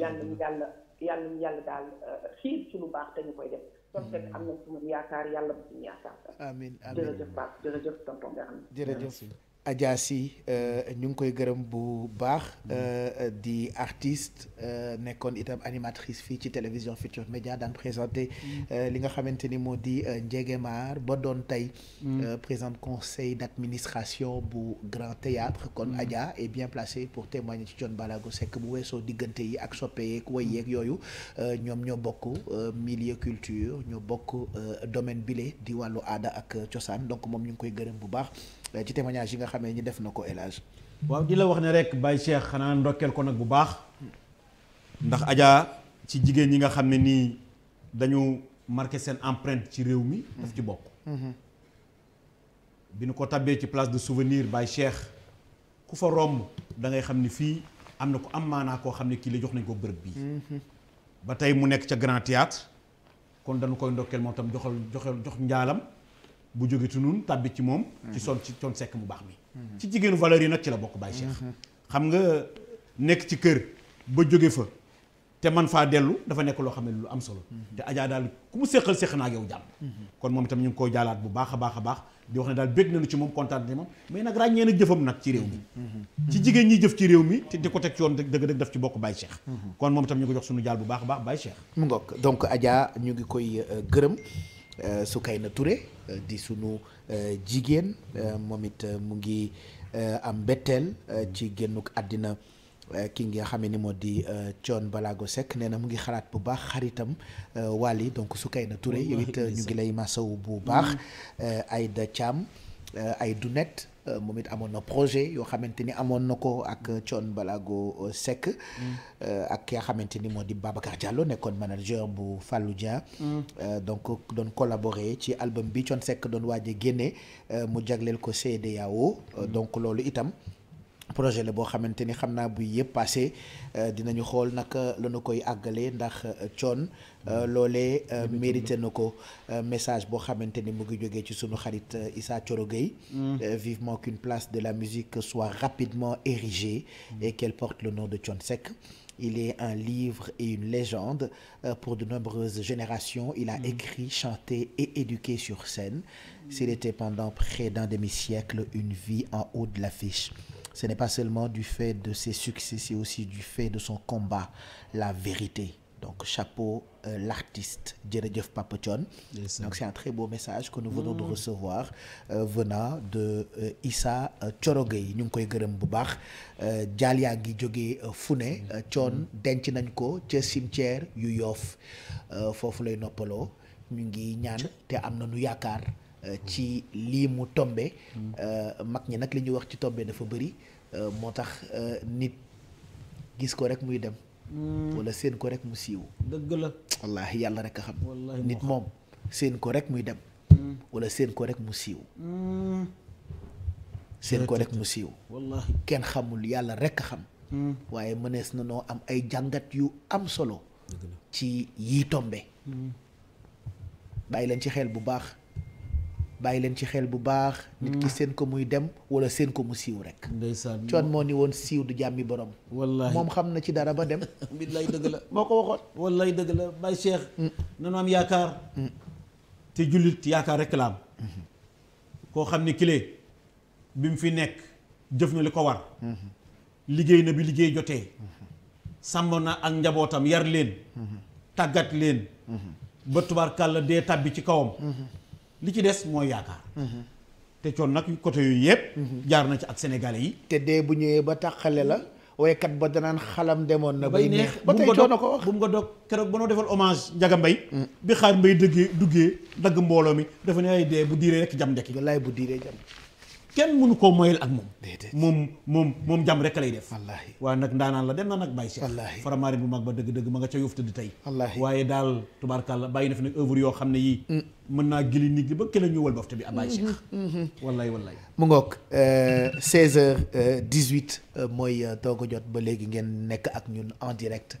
yàlla nañu yàlla yàlla nañu daal euh, xiir ci lu baax te ñu koy def mhm. kon fekk am na suñu yaakaar yàlla bu suñu yaakaar amiin amiin jërëjëf Pape jërëjëf tonton Ndar jërëjëf Adja Sy euh, ñu ngi koy gërëm bu baax euh, di artiste euh, nekkoon itam animatrice fii ci télévision Futurs média daan présenté li nga xamante ni moo di Njegemaar ba doon tey mm. présidente conseil d'administration bu Grand Théâtre kon mm. Adja est bien placée pour témoigner ci Thione Ballago Seck bu weesoo diggante yi ak soppe yeeg way yeeg mm. yooyu ñoom ñoo bokk milieu culture ñoo bokk domaine bile di wàllu aada ak cosaan donc moom ñu ngi koy gërëm bu baax Euh, ci témoignage yi nga xamee ni def na ko élage waaw di la wax ne rek Baye seex xanaa ndokkeel ko nag bu baax ndax Adja ci jigéen ñi nga xam ne nii dañu marke seen empreinte ci réew mi daf ci bokk bi nu ko tabbee ci place de souvenir Baye Cheikh ku fa romb da ngay xam ni fii am na ko am maanaa koo xam ne kii la jox nañ ko bërëb bii ba tey mu nekk ca Grand Théâtre kon danu koy ndokkeel moo tam joxal joxal jox njaalam bu jóge tunun tàbbi ci moom ci mhm. son ci con sekk mu baax mi mhm. ci jigéenu valeur yi nag ci la bokk Baye Cheikh mhm. xam nga nekk ci kër ba jóge fa te man faa dellu dafa nekk loo xam ne lu am solo te ajaa daal ku mu séqal séq naa ak yow jàmm kon moom itam ñu ngi koy jaalaat bu baax a baax a baax di wax ne daal bég nañu ci moom kontaan ci moom nag ràññee nag jëfam nag réew mi ci jigéen ñi jëf ci réew mi te di ko teg ci yoon dëgg-dëgg daf ci bokk Baye Cheikh kon moom itam ko jox suñu jaal bu baax a baax Baye Cheikh mu ngoog donc ajaa ñu ngi koy euh, gërëm su euh, Soukayna ture euh, di sunu euh, jigéen moom it mu ngi am mbetteel ci génnuk àddina ki nga xam ni moo di Thione Balago sekk nee na mu ngi xalaat bu baax xaritam Wally donc kayna Touré yow it ñu ngi lay masaw bu baax mm-hmm. Aïda Thiam ay Dunette Euh, moom it amoon na projet yoo xamante ni amoon na ko ak Thione Balago euh, Seck mm. euh, ak ki nga xamante ni moo di Babacar Diallo nekkoon manager bu Fallou Dia mm. donc doon collaborer ci album bi Thione Seck doon waaj a génne mu jagleel ko CEDEAO mm. donc loolu itam projet la boo xamante ni xam naa buy yëpp passé euh, dinañu xool naka la nu koy àggale ndax euh, coon euh, mm-hmm. loolee mérité na ko message boo xamante ni mu ngi jógee ci sunu xarit Issa Thioro Gueye mm. vivement qu'une place de la musique soit rapidement érigée mm. et qu'elle porte le nom de Thione sec il est un livre et une légende pour de nombreuses générations il a mm. écrit chanté et éduqué sur scène s'il était pendant près d'un demi-siècle une vie en haut de l'affiche ce n'est pas seulement du fait de ses succès, c'est aussi du fait de son combat, la vérité. Donc, chapeau euh, l'artiste Djeredjev Papachon. Yes, Donc, c'est un très beau message que nous venons mmh. de mm. recevoir euh, venant de euh, Issa Chorogay. Nous avons eu un boubar. Djalia Gidjogé Fune, Chon, Denchinanko, Tche yu yoof euh, foofu lay noppaloo avons eu ñaan te am na nu yaakaar ci lii mu tombe euh, mag ñi nag li ñuy wax ci tombe dafa bari euh, moo tax euh, nit gis ko rek muy dem hmm. wala seen ko rek mu siiw dëgg la yàlla rek a xam nit moom seen ko rek muy dem hmm. wala seen ko rek mu siiw hmm. ko rek mu siiw wallaahi kenn xamul yàlla rek a xam waaye mënees na noo am ay jàngat yu am solo ci yii tombe bàyyi ci xel bu baax bàyyi leen ci xel bu baax. nit ki mm. seen ko muy dem wala seen ko mu siiw rek. ndeysaan moo ni woon siiw du jàmmi borom. wallaahi moom xam na ci dara ba dem. billaay dëgg la moo ko waxoon. wallaay dëgg la Baye Cheikh. Mm. nanu am yaakaar. Mm. te jullit yaakaar rekk la am. Mm-hmm. koo xam ne kile bi mu fi nekk jëf na li ko war. Mm-hmm. liggéey na bi liggéey jotee. Mm-hmm. sàmm na ak njabootam yar leen. tàggat leen. ba tubaarkàlla dee tàbbi ci kawam. li ci des mooy yaakaar. te coon nag côté yooyu yëpp. jaar na ci ak sénégalais yi. te dee bu ñëwee ba taxale la. waykat ba danaan xalam demoon na. bay neex ba tey na ko wax bu mu ko dog keroog ba noo defal hommage Njaga Mbay mm. bi xaar mbay dëggee duggee dagg mbooloo mi dafa ne ay dee bu diiree rek jam ndekki. wallaay bu diiree jam. kenn mënu koo moyal ak moom moom moom moom jàmm rek lay def wallaahi waaye nag ndaanaan la dem na nag bàyyi Cheikh faramaari bu mag ba dëgg-dëgg ma nga ca yóof tëdd tey waaye daal la bàyyi na fi nag œuvre yoo xam ne yii mm. mën naa gili nit ñi ba kële ñu wal bafta bi à bàyyi Cheikh wallaay mm-hmm, mm-hmm. wallaay mu ngoog 16 euh, heures 18 euh, euh, mooy toog a jot ba léegi ngeen nekk ak ñun en direct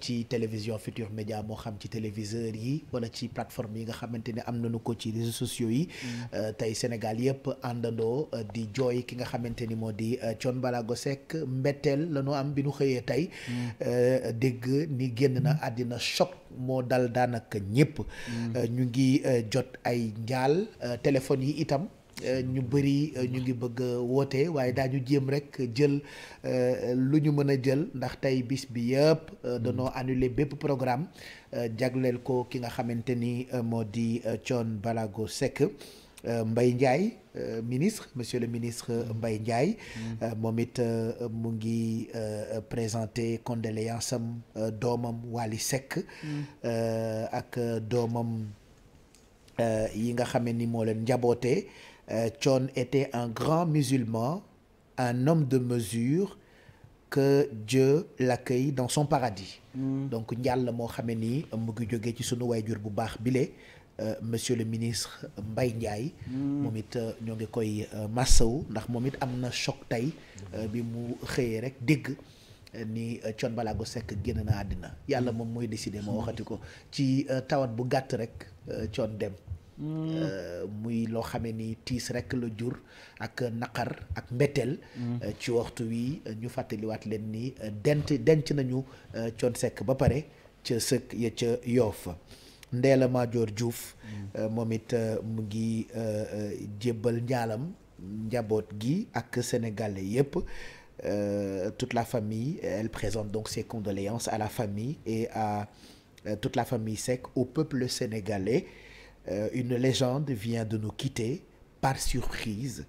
ci télévision Futur Média moo xam ci téléviseur yi wala ci plateforme yi nga xamante ne am nañu ko ci réseaux sociaux yi mm. euh, tey Sénégal yëpp àndandoo euh, di jooy ki nga xamante ni moo di euh, Thione Ballago Seck mbetteel la ñu am bi nu xëyee tey mm. dégg ni génn na mm. àddina choc moo dal daanaka ñëpp ñu ngi jot ay njaal téléphones yi itam ñu bëri euh, ñu ngi bëgg a woote waaye daañu jéem rek jël euh, lu ñu mën a jël ndax tey bis bi yëpp euh, mm-hmm. danoo annulé bépp programme jagleel ko ki nga xamante ni moo di Thione Ballago Seck mbay Ndiaye ministre monsieur le ministre mm-hmm. Mbaye Ndiaye mm-hmm. moom it mu ngi présenter condoléances am doomam waali Seck ak doomam yi nga xam ni moo leen njabootee Thione euh, était un grand musulman, un homme de mesure que Dieu l'accueille dans son paradis. Mm. donc njàll moo xamee ni mu ngi jógee ci sunu jur bu baax bile euh, monsieur le ministre mbay Ndiaye. Mm. moom it euh, ñoo ngi koy massawu ndax moom it am na choc tey bi mu xëyee rek dégg. ni Thione Ballago sekk génn na àddina yàlla moom mooy décidé moo waxati ko ci tawat bu gàtt rek Thione dem. Euh, muy loo xamee ni tiis rek la jur ak naqar ak mbetteel. Mm. Euh, ci waxtu wi euh, ñu fàttaliwaat leen ni denc denc nañu Thione Seck ba pare ca sëkk ya ca Yoff Ndella Madior Diouf. Mm. moom it mu ngi jébbal njaalam njaboot gi ak sénégalais yépp Euh, toute la famille elle présente donc ses condoléances à la famille et à euh, la famille Seck au peuple sénégalais Euh, une légende vient de nous quitter par surprise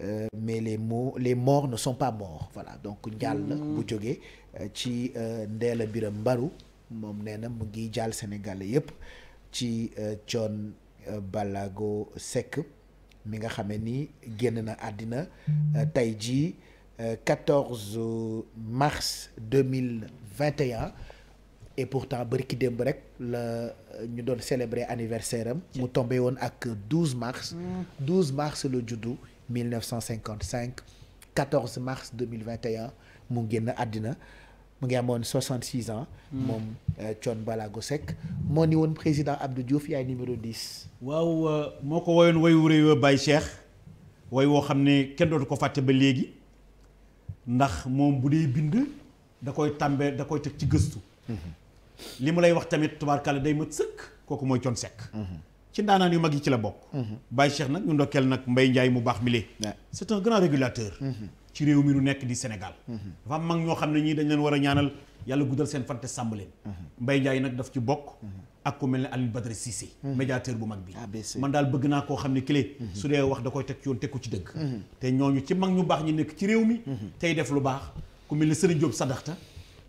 euh, mais les mots les morts ne sont pas morts voilà donc njàll bu jógee euh, ci euh, Ndella biram Mbaru moom nee na mu ngi jàll Sénégalais yépp ci Thione euh, balago Seck mi nga xame ni génn na àddina tey jii 14 mars 2021 et pourtant bërki démb rek la euh, ñu doon célébrer anniversaire am mu tombé woon ak 12 mars 12 mm. mars le juddu 1955 14 mars 2021 mu génn àddina mu ngi amoon 66 ans mm. moom euh, Thione Ballago Seck moo ni woon président Abdou Diouf yaay numéro 10 waaw euh, moo ko woyoon way wu réew Baye Cheikh way woo xam ne kenn dootu ko fàtte ba léegi ndax moom bu dee bind da koy tàmbee da koy teg ci gëstu mm-hmm. li mu lay wax tamit tubaarkàlla day mat sëkk kooku mooy Thione Seck ci ndaanaan yu mag yi ci la bokk Baye Cheikh nag ñu ndokkeel nag Mbaye Ndiaye mu baax mi lee c'est un grand régulateur ci réew mi nu nekk di Sénégal dafa am mag ñoo xam ne ñii dañ leen war a ñaanal yàlla guddal seen fante sàmm leen Mbaye Ndiaye nag daf ci bokk ak ku mel ne Aliou Badara Cissé médiateur bu mag bi ah, man daal bëgg naa koo xam ne clé su dee wax da koy teg yoon teg ku ci dëgg te ño ci mag ñu baax ñi nekk ci réew mi tey def lu baax ku mel ne Serigne Diop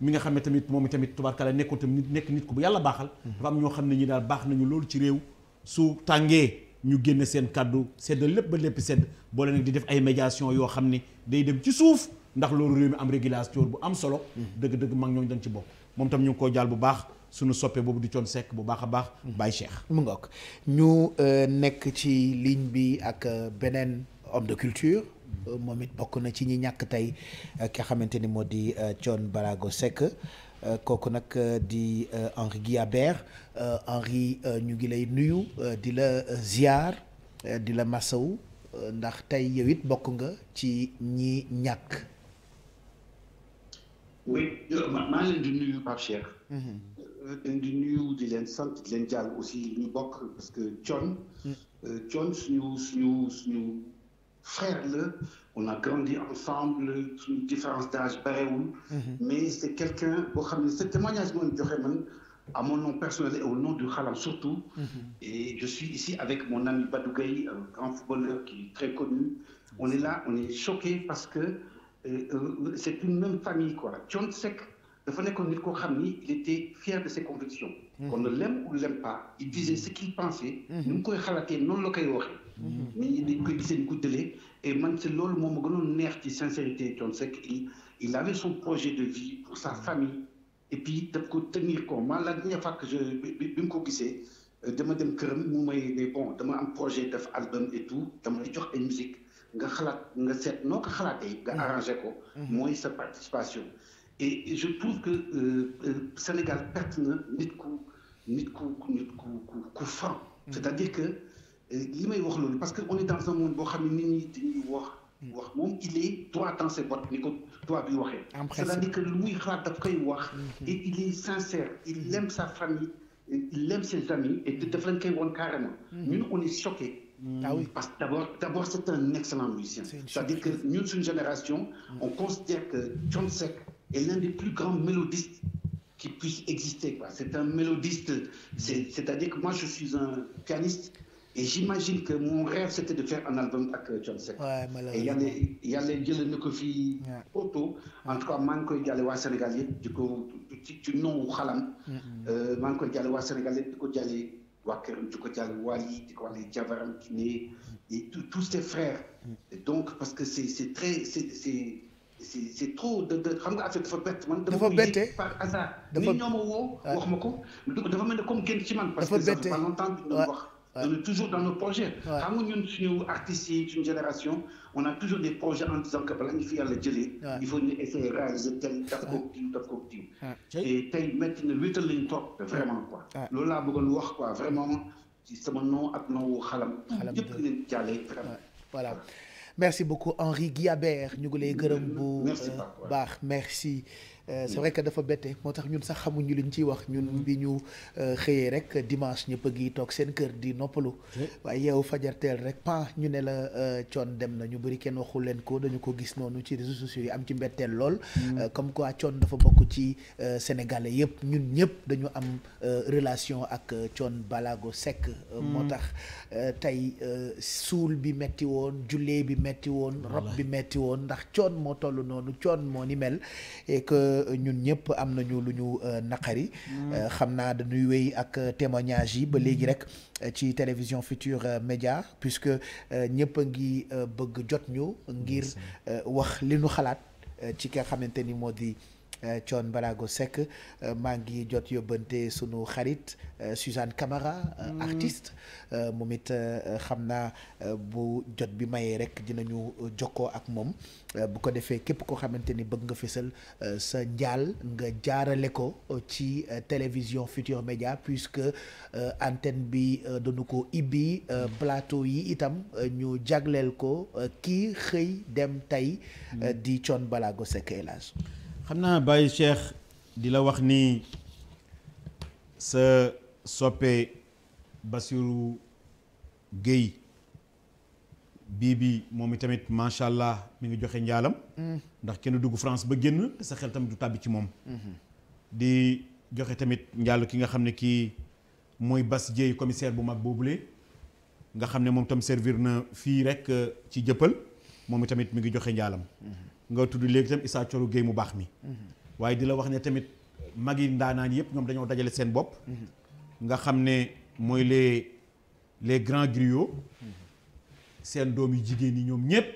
mi nga xam ne tamit moom tamit tubaarkala nekkoon tamit nit nekk nit ko bu yàlla baaxal mm-hmm. dafa am ñoo xam ne ñi daal baax nañu loolu ci réew su tàngee ñu génn seen kàddu sedd lépp ba lépp sedd boole nag di def ay médiation yoo xam ne day dem ci suuf ndax loolu réew mi am régulation bu am solo mm-hmm. dëgg-dëgg mag ñooñu dañ ci bokk moom tam ñu ngi koo jaal bu baax suñu soppee boobu di coon sekk bu baax a baax mm-hmm. Baye Cheikh mu ngoog ñu euh, nekk ci ligne bi ak euh, beneen homme de culture moom it bokk na ci ñi ñàkk tey euh, ki xamante ni moo di Thione euh, Balago Seck euh, kooku nag di Henri Guillabert Henri ñu ngi lay nuyu di la ziar di la masawu ndax tey yow it bokk nga ci ñi ñàkk. oui maa ngi leen di nuyu Pape Cheikh. Mhm. di nuyu di leen sant di leen jàll aussi ñu bokk parce que Thione. Mm. Thione suñu suñu suñu. frère la on a grandi ensemble d'âge barewul mhm. mais c'est quelqu'un boo xam ne ce témoignage moom joxe man à mon nom personnel et au nom du Xalam surtout mhm. et je suis ici avec mon ami Badou un grand footballeur qui est très connu on est choqué parce que euh, euh, c'est une même famille quoi Thione Seck dafa nekkoon nit koo xam ni il était fier de ses convictions mhm. ne l'aime ou ne l'aime pas il disait ce qu'il pensait ni mu koy xalaatee noonu la koy nit ñi dañ koy giseen guddalee et man c'est loolu moom ma gënoon neex ci sincérité Thione Seck il il avait son projet de vie pour sa mm-hmm. famille et puis daf ko tenir compte man la dernière fois que je bi mu ko gisee euh, dama dem këram mu may ne bon dama am projet def album et tout dama lay jox ay musique nga xalaat nga seet noo ko xalaatee nga mm-hmm. arrangé ko mm-hmm. mooy sa participation et je trouve que euh, euh, Sénégal perte na nit ku nit ku franc c'est-à-dire que li may wax loolu parce que on est dans un monde boo xam ne nit ñi wax. Mm. wax moom il est droit dans ses bottes ni ko tubaab bi waxee. c'est-à-dire que mm-hmm. et sincère mm-hmm. il aime ses amis et daf leen koy woon carrément. Mm-hmm. ñun on est choqué. Mm. Ah que d'abord d'abord c'est un excellent musicien. c'est-à-dire que ñun suñu génération. Mm. on considère que Thione Seck est l'un des plus grands mélodistes qui puisse exister c'est un mélodiste. c'est à dire que moi je suis un pianiste. Et j'imagine que mon rêve, c'était de faire un album avec euh, John Seck. Ouais, et il y a les Dylan Kofi Auto, en tout cas, Manko Dialewa Sénégalais, du coup, du nom Khalam, Manko euh, Dialewa Sénégalais, du coup, Dialé, Waker, du coup, Dialé Wali, du coup, les Javaram Kiné, et tous ses frères. Mm. donc, parce que c'est très. c'est trop de de xam nga affaire dafa bett man. dafa bette par hasard. dafa ni ñoo ma woo. wax ma ko dafa mel ne comme génn ci man. dafa bette parce que ça fait pas wax. on toujours dans nos projets. xam nga ñun suñu artistes yi génération on a toujours des projets en disant que balaa ñu fi yàlla jëlee. il faut ñu essayer réaliser tel daf ko diw daf ko diw. et tey métti na wéetal lañu toog vraiment quoi. loolu laa bëggoon wax quoi vraiment ci sama nom ak nowu xalam. xalam yëpp leen jàllee vraiment. voilà merci beaucoup Henri Guillabert ñu ngi lay gërëm bu. merci euh, baax merci. Euh, c'est vrai que dafa bette moo tax ñun sax xamuñu ñu ciy wax ñun mm-hmm. bi ñu euh, xëyee rek dimanche ñëpp a ngi toog seen kër di noppalu waaye yeewu fajarteel teel rek pan ñu ne la euh, coon dem na ñu bëri kenn waxu leen ko dañu ko gis noonu ci réseaux sociaux yi am ci mbetteel lool mm-hmm. comme quoi coon dafa bokk ci sénégalais yëpp ñun ñëpp dañu am relation ak coon balago Seck moo mm-hmm. tax tey suul bi metti woon jullee bi metti woon rob bi metti woon ndax coon moo toll noonu coon moo ñun ñëpp am nañu lu ñu euh, naqari. Mm. Euh, xam naa dañuy wéy ak témoignage yi ba léegi mm. rek euh, ci télévision Futurs Médias puisque ñëpp a ngi bëgg jot ñu ngir wax li nu xalaat ci ki nga xamante ni moo di. Euh, Thione Balago sekk euh, maa ngi jot yóbbante sunu xarit euh, Suzanne Camara mm. artiste moom it xam naa bu jot bi mayee rek dinañu jokkoo ak moom bu ko defee képp koo xamante ni bëgg nga fésal sa njaal nga jaarale ko ci télévision Futur Média puisque antenne bi dañu ko ibbi mm. plateau yi itam ñu jagleel ko kii xëy dem tey mm. di Thione Balago Seck hélas xam naa bàyyi Cheikh di la wax nii sa soppe Bassirou Guèye bii bi moom tamit macha allah mi ngi joxe njaalam. Mm. ndax kenn dugg France ba génn te sa xel tamit du tàbbi ci moom. Mm-hmm. di joxe tamit njaalu ki nga xam ne kii mooy bas Dieye commissaire bu mag boobu boobule. nga xam ne moom tam servir na fii rek euh, ci jëppal moom tamit mi ngi joxe njaalam. Mm-hmm. nga tudd léegi itam Issa Thioro Gueye mu baax mi waaye di la wax ne tamit mag yi ndaanaan yëpp ñoom dañoo dajale seen bopp nga xam ne mooy les les grands griots seen doom yu jigéen yi ñoom ñëpp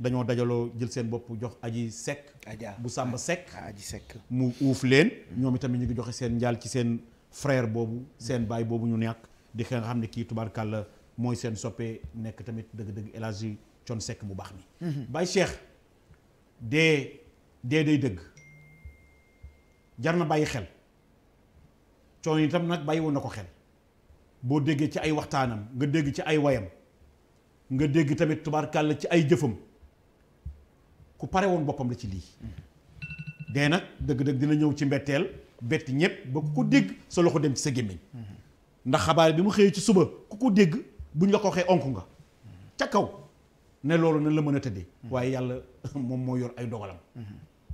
dañoo dajaloo jël seen bopp jox aji sekk bu sàmba ah, sekk aji sekk mu uuf leen ñoom itamit ñu ngi joxe seen njaal ci seen frère boobu seen baay boobu ñu nekk di nga xam ne kii tubaarkàlla mooy seen soppee nekk tamit dëgg-dëgg El Hadji Thione mu baax mi mm-hmm. dee dee day dëgg jar na bàyyi xel coono itam nag bàyyi woon na ko xel boo déggee ci ay waxtaanam nga dégg ci ay wayam nga dégg tamit tubaarkàlla ci ay jëfam ku pare woon boppam la ci lii dee nag dëgg-dëgg dina ñëw ci mbetteel bett ñëpp ba ku ko dégg sa loxo dem ci sa gémmiñ ndax xabaar bi mu xëyee ci suba ku ko dégg buñ la ko waxee onk nga ca kaw ne loolu na la mën a tëddee. waaye yàlla moom moo yor ay dogalam.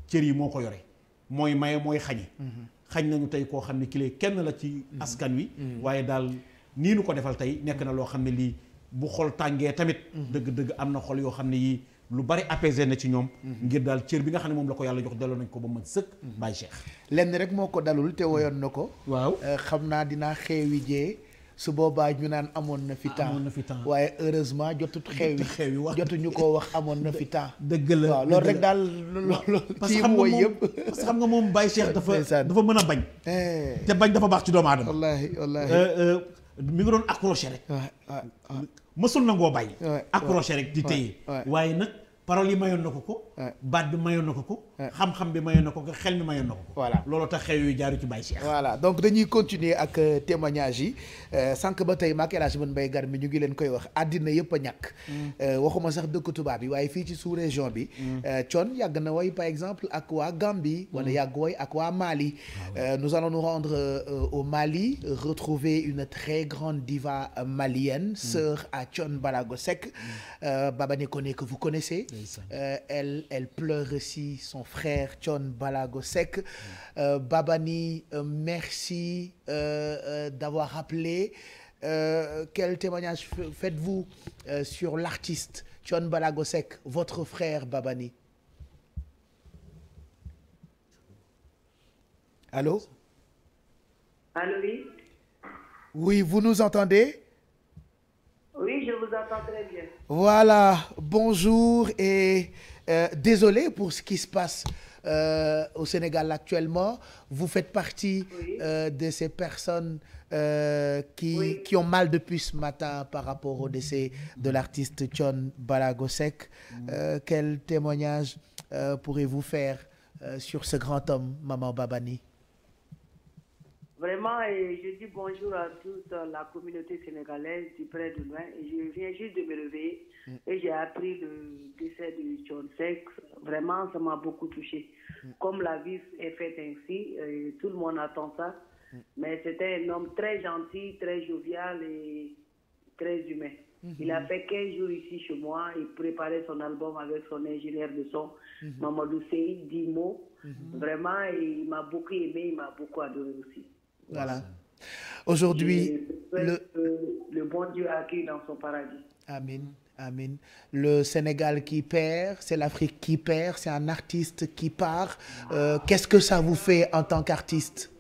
cër yi moo ko yore mooy maye mooy xañe. xañ nañu tey koo xam ne kile kenn la ci askan wi. waaye daal nii nu ko defal tey nekk na loo xam ne lii bu xol tàngee tamit. dëgg-dëgg am na xol yoo xam ne yii lu bari apaisé na ci ñoom. ngir daal cër bi nga xam ne moom la ko yàlla jox delloo nañ ko ba mën sëkk. Baye Cheikh lenn rek moo ko dalul te woyoon na ko. waaw euh, xam naa dinaa xeewi jee. su boobaa ñu naan amoon na fi temps na fi temps waaye heureusement jotut xew yi xew yi wax jotuñu koo wax amoon na fi temps dëgg la waaw loolu rek daal loolu parce que mooy yëpp parce que xam nga moom Baye Cheikh dafa dafa mën a bañ eh. te bañ dafa baax ci doomu aadama wallaahi wallaahi euh, euh, mi doon accroché rek mësul nangoo bàyyi accroché rek di téye waaye nag parole yi mayoon na ko ko. Eh. baat bi mayoon na ko ko. Eh. xam-xam bi mayoon na ko ko xel mi mayoon na ko ko. voilà looloo tax xew yu jaaru ci Baye Cheikh. voilà donc dañuy continuer ak euh, témoignage yi euh, sànq ba tey maak El Hadj Mbaye gar mi ñu ngi leen koy wax àddina yëpp a ñàkk. Mm. Euh, waxuma sax dëkk tubaab yi waaye fii ci sous région bi. Mm. Thion yàgg na woy par exemple ak waa Gambie. wala mm. yàgg woy ak waa Mali. Ah nous allons nous rendre au Mali retrouver une très grande diva malienne. Baba Nékoné que vous Euh, elle elle pleure aussi son frère Thione Balago euh, Babani euh, merci euh, d'avoir rappelé quel témoignage faites-vous sur l'artiste Thione Balago votre frère Babani. oui. vous nous entendez? Oui, je vous entends très bien. Voilà, bonjour et euh, désolé pour ce qui se passe euh, au Sénégal actuellement. Vous faites partie oui. euh, de ces personnes euh, qui, oui. ont mal de ce matin par rapport au décès de l'artiste Thione Balago Seck. Quel témoignage pourrez-vous faire sur ce grand homme, Maman Babani? Vraiment, et je dis bonjour à toute la communauté sénégalaise du près de loin. Et je viens juste de me réveiller mm. et j'ai appris le décès de John Sex. Vraiment, ça m'a beaucoup touché. Mm. Comme la vie est faite ainsi, et euh, tout le monde attend ça. Mm. Mais c'était un homme très gentil, très jovial et très humain. -hmm. Il a fait 15 jours ici chez moi. Il préparait son album avec son ingénieur de son, -hmm. Mamadou Sey, 10 mots. Vraiment, il m'a beaucoup aimé, il m'a beaucoup adoré aussi. Voilà. Aujourd'hui, le... le bon Dieu accueille dans son paradis. Amen. Amen. Le Sénégal qui perd, c'est l'Afrique qui perd, c'est un artiste qui part. Euh, qu'est-ce que ça vous fait en tant qu'artiste?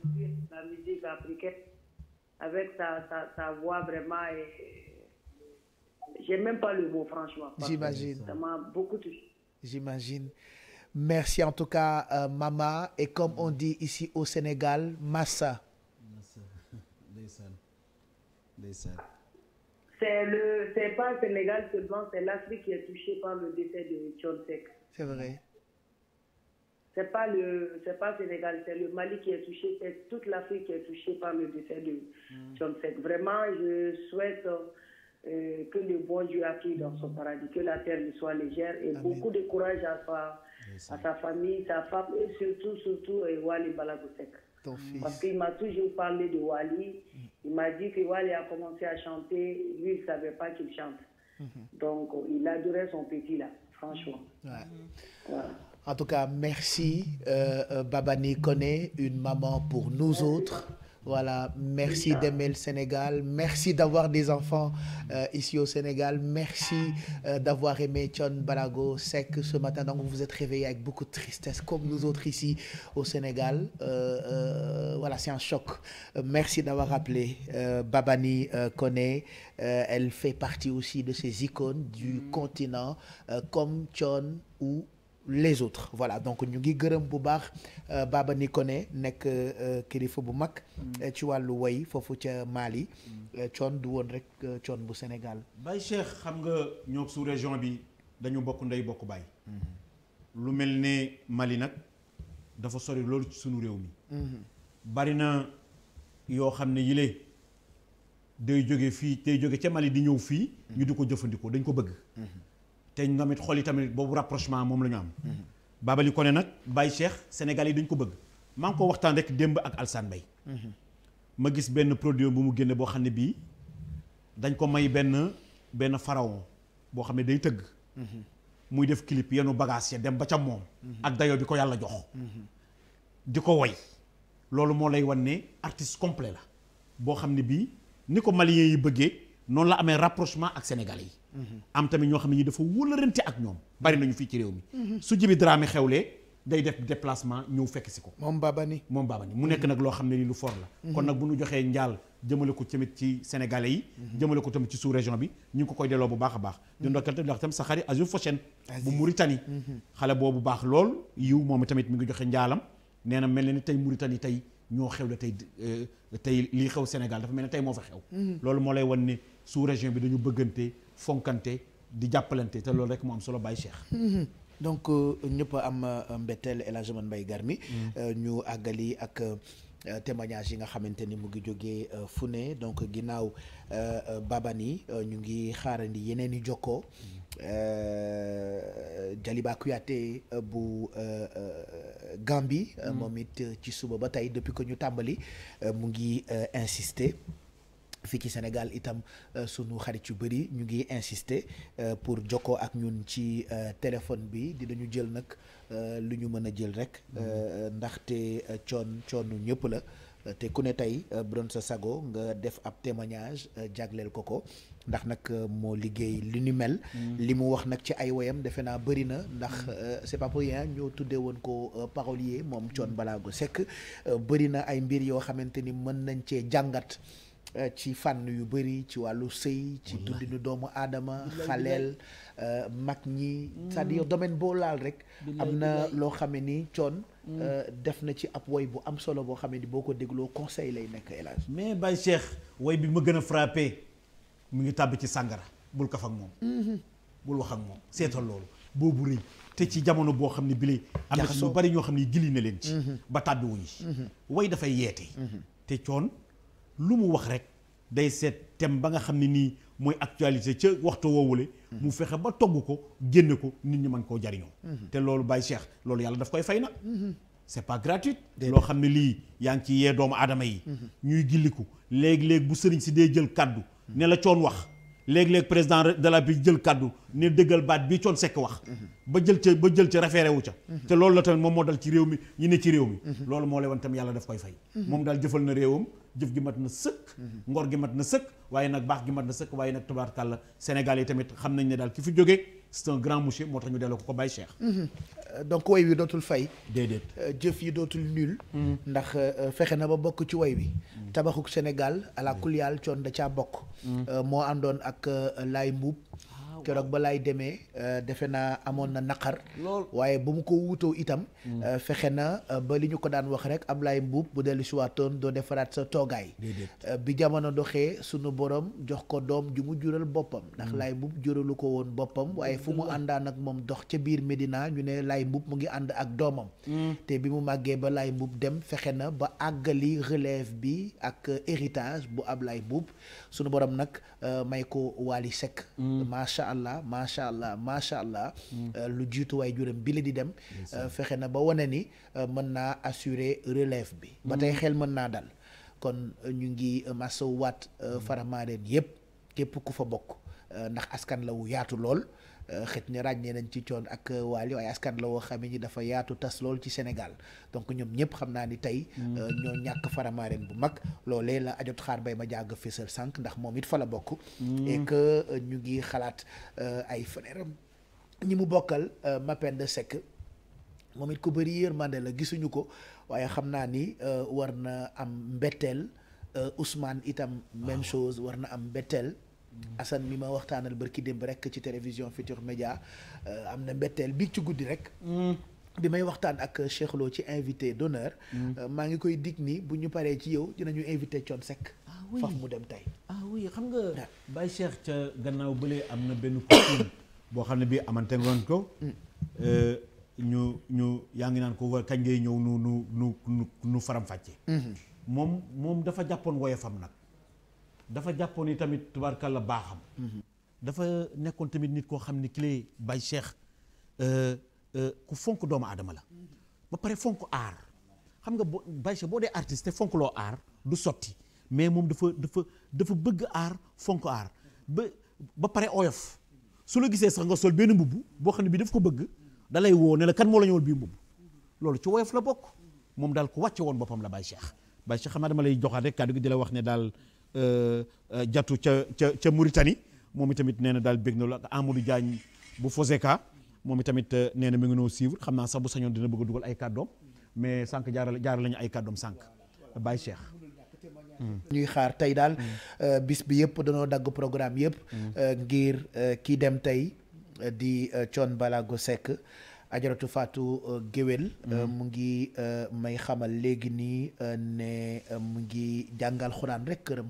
La musique africaine, avec sa, sa, sa voix vraiment, et... j'ai même pas le mot, franchement. J'imagine. Ça m'a beaucoup touché. J'imagine. Merci en tout cas, euh, Mama. Et comme on dit ici au Sénégal, Massa. C'est le, c'est pas le Sénégal seulement, c'est l'Afrique qui est touchée par le décès de John C'est vrai. C'est pas Sénégal, c'est le Mali qui est touché, c'est toute l'Afrique qui est touchée par le décès de mmh. Vraiment, je souhaite euh, que le dans son paradis, que la terre lui soit légère et Amen. beaucoup de courage à sa, yes. à sa famille, sa femme et surtout, surtout euh, Wali Balagosek. Parce qu'il m'a toujours parlé de Wali hmm. Il m'a dit que Wally a commencé à chanter, lui, il ne savait pas qu'il chante. Mm -hmm. Donc, il adorait son petit là, franchement. Ouais. Voilà. En tout cas, merci euh, euh Babani Kone, une maman pour nous merci. autres. Voilà, merci d'aimer le Sénégal, merci d'avoir des enfants euh, ici au Sénégal, merci euh, d'avoir aimé Thion Balago Seck ce matin. Donc vous vous êtes réveillé avec beaucoup de tristesse comme nous autres ici au Sénégal. Euh, euh voilà, c'est un choc. Euh, merci d'avoir appelé euh, Babani Koné, elle fait partie aussi de ces icônes du continent comme Thion ou les autres voilà donc ñu ngi gërëm bu baax euh, Baba ne nekk euh, kilifa bu mag mm. ci wàllu woy foofu ca Mali mm. euh, coon du woon rek coon bu Sénégal Baye Cheikh xam nga ñoo su région bi dañu bokk ndey bokk baay mm-hmm. lu mel ne Mali nag dafa sori loolu ci sunu réew mi mm-hmm. bari na yoo xam ne yile day jóge fii tey jóge ca Mali di ñëw fii ñu di ko jëfandikoo dañ ko bëgg mm-hmm. te ñoom mit xool yi tamit boobu rapprochement moom la ñu am. Babali Koné nag Baye Cheikh Sénégal yi dañ ko bëgg maa ngi ko waxtaan rek démb ak Alsane Mbaye ma gis benn produit bu mu génne boo xam ne bii dañ ko may benn benn pharaon boo xam ne day tëgg. muy def clip yenu bagage ya dem ba ca moom. ak dayoo bi ko yàlla jox. di ko woy loolu moo lay wan ne artiste complet la boo xam ne bii ni ko maliens yi bëggee. noonu la amee rapprochement ak sénégalais yi mhm. am tamit ñoo xam ne ñi dafa wólarante ak ñoom bari nañu fii ci réew mi mhm. su Djiby Dramé xewlee day def déplacement ñëw fekk si ko moom ni moom Babani mu nekk nag loo xam ne li lu fort la mhm. kon nag bu ñu joxee njaal jëmale ko tamit ci sénégalais yi jëmale ko tamit ci sous région bi ñu ngi ko koy delloo bu baax a baax di ndokkeel tamit ndax tamit sa xarit Azur Fochen bu baax lool yiw moom tamit mi ngi joxe njaalam nee na mel na ni tey Mauritanie tey ñoo xew la tey euh, tey lii xew Sénégal dafa mel ne tey moo fa xew loolu moo lay wan ne su région bi dañu bëggante fonkante di jàppalante te loolu rek moo am solo Baye Cheikh. Mhm. donc euh, ñëpp am euh, mbetteel El bay Garmi. Mhm. Euh, ñu àggali ak. témoignage yi nga xamante ni mu ngi jógee fu ne donc ginnaaw Babani ñu ngi xaarandi yeneen i jokkoo Jaliba Kuyate bu Gambie mhm. moom it ci suba ba tey depuis que ñu tàmbali mu ngi insister fii ci Sénégal itam euh, sunu xarit yu bëri ñu ngi insister euh, pour jokkoo ak ñun ci euh, téléphone bi dinañu jël nag lu ñu mën a jël rek mm-hmm. ndaxte coon coonu ñëpp la te ku ne tey bu doon sa sago nga def ab témoignage jagleel ko ko ndax nag moo liggéey li ni mel mm-hmm. li mu wax nag ci ay woyam defe naa bëri na ndax mm-hmm. c'est pas pour ñoo tuddee woon ko parolier moom coon balaago Seck bëri na ay mbir yoo xamante ni mën nañ cee jàngat Euh, ci fànn yu bëri ci wàllu sëy ci dundinu doomu aadama xaleel euh, mag ñi mm. c'est-à-dire domaine boo laal rek am na loo xame ni coon mm. euh, def na ci ab way bu am solo boo xame ni boo ko dégloo conseil lay nekk élage mais Baye Cheikh woy bi ma gën a frappé mu ngi tàbbi ci sàngara bul kaf ak moom mm-hmm. bul wax ak moom seetal loolu boobu rëy te ci jamono boo xam ne bi am na ci lu bari ñoo xam ne gili na leen ci mm-hmm. ba tàbbiwuñu ci mm-hmm. way dafay yeete te coon lu mu wax rek day seet thème ba nga xam ne nii mooy actualité ca waxtu woowule mu fexe ba togg ko génne ko nit ñi mën koo jariñoo mhm. te loolu Baye Cheikh loolu yàlla daf koy fay na mhm. c'est pas gratuit loo xam ne lii yaa ngi ci yee doomu aadama yi mhm. ñuy gilliku léeg-léeg bu sëriñ si dee jël kàddu ne la coon wax léeg-léeg président de la bi jël kàddu ne dëggal baat bi coon sekk wax ba jël ca ba jël ca référé wu ca te loolu la tamit moom moo dal ci réew mi ñu ne ci réew mi loolu moo lay wan tam yàlla daf koy fay moom daal jëfal na réewam jëf gi mat na sëkk ngor gi mat na sëkk waaye nag baax gi mat na sëkk waaye nag tubaarkàlla Sénégal yi tamit xam nañ ne daal ki fi jógee c'est un moo tax ñu delloo ko ko Baye Cheikh. Mhm. Euh, donc way wi dootul fay. déedéet euh, jëf yi dootul nul. Mhm. ndax euh, fexe na ba bokk ci woy wi. tabaxuk Sénégal à la mhm. coon da caa bokk. moo àndoon ak Laye Mbuub keroog ba laay demee euh, defe naa amoon na naqar. waaye bu mu ko wutoo itam. Euh, fexe na euh, ba li ñu ko daan wax rek Ablaye Mbuub bu dellu si waatoon doo defaraat sa toogaay. bi jamono doxee sunu borom jox ko doom ju mu jural boppam. ndax mm. Laye Mbuub juralu ko woon boppam waaye fu mu àndaan ak moom dox ca biir Medina ñu ne Laye Mbuub mu ngi ànd ak doomam. Mm. te bi mu màggee ba Laye Mbuub dem fexe na ba àggali relève bi ak héritage bu Ablaye Mbuub sunu borom nag may ko Waly allah macha allah macha allah. Hmm. Euh, lu jiitu waay juróom bi la di dem. Euh, fexe na ba wane ni euh, mën naa assurer relève bi. ba tey hmm. xel mën naa dal kon ñu ngi masawaat. Hmm. faramaareen yépp képp ku fa bokk ndax askan la wu yaatu lool. xëj na ràññee nañ ci coon ak euh, waali waaye askan la woo xamee ni dafa yaatu tas lool ci senegal donc ñoom ñëpp xam naa ni tey. Mm. Euh, ñoo ñàkk faramaareen bu mag. loolee la ajot xaar bay ma jàgg fésal sànq ndax moom it fa la bokk. Mm. et que euh, ñu ngi xalaat ay frèram ñi mu bokkal mapende Seck moom it ku bëri yërmande la gisuñu ko waaye xam naa ni war na am mbetteel Ousmane itam. même ah. chose war na am mbeteel Assane mi ma waxtaanal bërki démb rek ci télévision Futur Média euh, am na mbetteel bi ci guddi rek. Mm. bi may waxtaan ak Cheikh ci invité d'honneur. Mm. Euh, maa ngi koy dig ni bu ñu paree ci yow dinañu invité Thione Seck. Ah faf mu dem tey. ah oui xam nga. Baye Cheikh ca gannaaw bële am na benn coutume boo xam ne bii amante ngoon ko. Mm. Euh, ñu ñu yaa ngi naan ko wa kañ ngay ñëw nu nu nu nu nu faram fàcce. Mm-hmm. moom moom dafa jàppoon woyofam nag. dafa jàppoon ni tamit tubaarkàlla baaxam. dafa nekkoon tamit nit koo xam ne ki lay bay Cheikh euh, euh, ku fonk doomu aadama la. ba pare fonk aar xam nga boo bay boo dee artiste te fonk loo aar du sotti mais moom dafa dafa dafa bëgg aar fonk aar ba ba pare oyof su la gisee sax nga sol benn mbubb boo xam ne bii daf ko bëgg da lay woo ne la kan moo la ñëwal bii mbubb loolu ci woyof la bokk moom daal ku wàcce woon boppam la bay Cheikh bay Cheikh xam naa dama lay joxaat rek kàddu gi di la wax ne daal. Euh, euh, jatu ca ca ca Mauritanie moom itamit nee na daal bég na lu ak Amadou Diagne bu Foseka moom itamit euh, nee na mi ngi noo suivre xam naa sax bu sañoon dina bëgg a dugal ay kàddoom mais sànq jaaral jaaral lañu ay kàddoom sànq Baye Cheikh. Hmm. ñuy xaar tey daal hmm. bis bi yëpp danoo dagg programme yëpp. Hmm. ngir kii dem tey di Thione Ballago Seck. ajaratu faatu euh, Géwél euh, mm-hmm. mu ngi euh, may xamal léegi nii ne mu ngi jàngal xuraan rek këram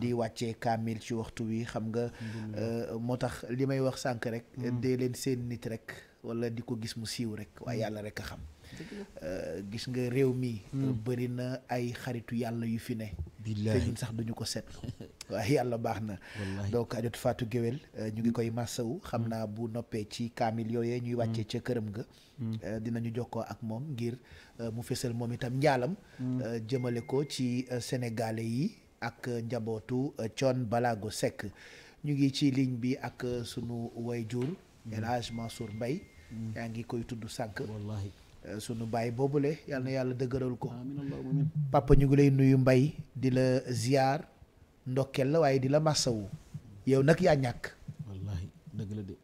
di wàcce kaamil ci waxtu wi xam nga moo tax li may wax sànk rek mm. dee leen seen nit rek wala di ko gis mu siiw rek waaye mm. yàlla rek a xam Euh, gis nga réew mi. Hmm. bëri na ay xaritu yàlla yu fi ne. te ñun sax duñu ko seetlu waaye yàlla baax na. donc ajot Fatou Guewel euh, ñu ngi hmm. koy massawu xam hmm. naa bu noppee ci kaamil yooyee ñuy wàccee ca këram ga. Euh, dinañu jokkoo ak moom ngir mu fësal moom itam njaalam. jëmale ko ci sénégalais yi ak njabootu Thione Balago sekk ñu ngi ci ligne bi ak sunu wayjur El Hadj Mansour Mbaye yaa ngi koy tudd sànq. Euh, sunu baay boobule yal na yàlla dëgëral ko papa ñu ngi lay nuyu mbay di la ziar ndokkel la waaye di la massawu yow nag yaa ñàkk wallaahi la de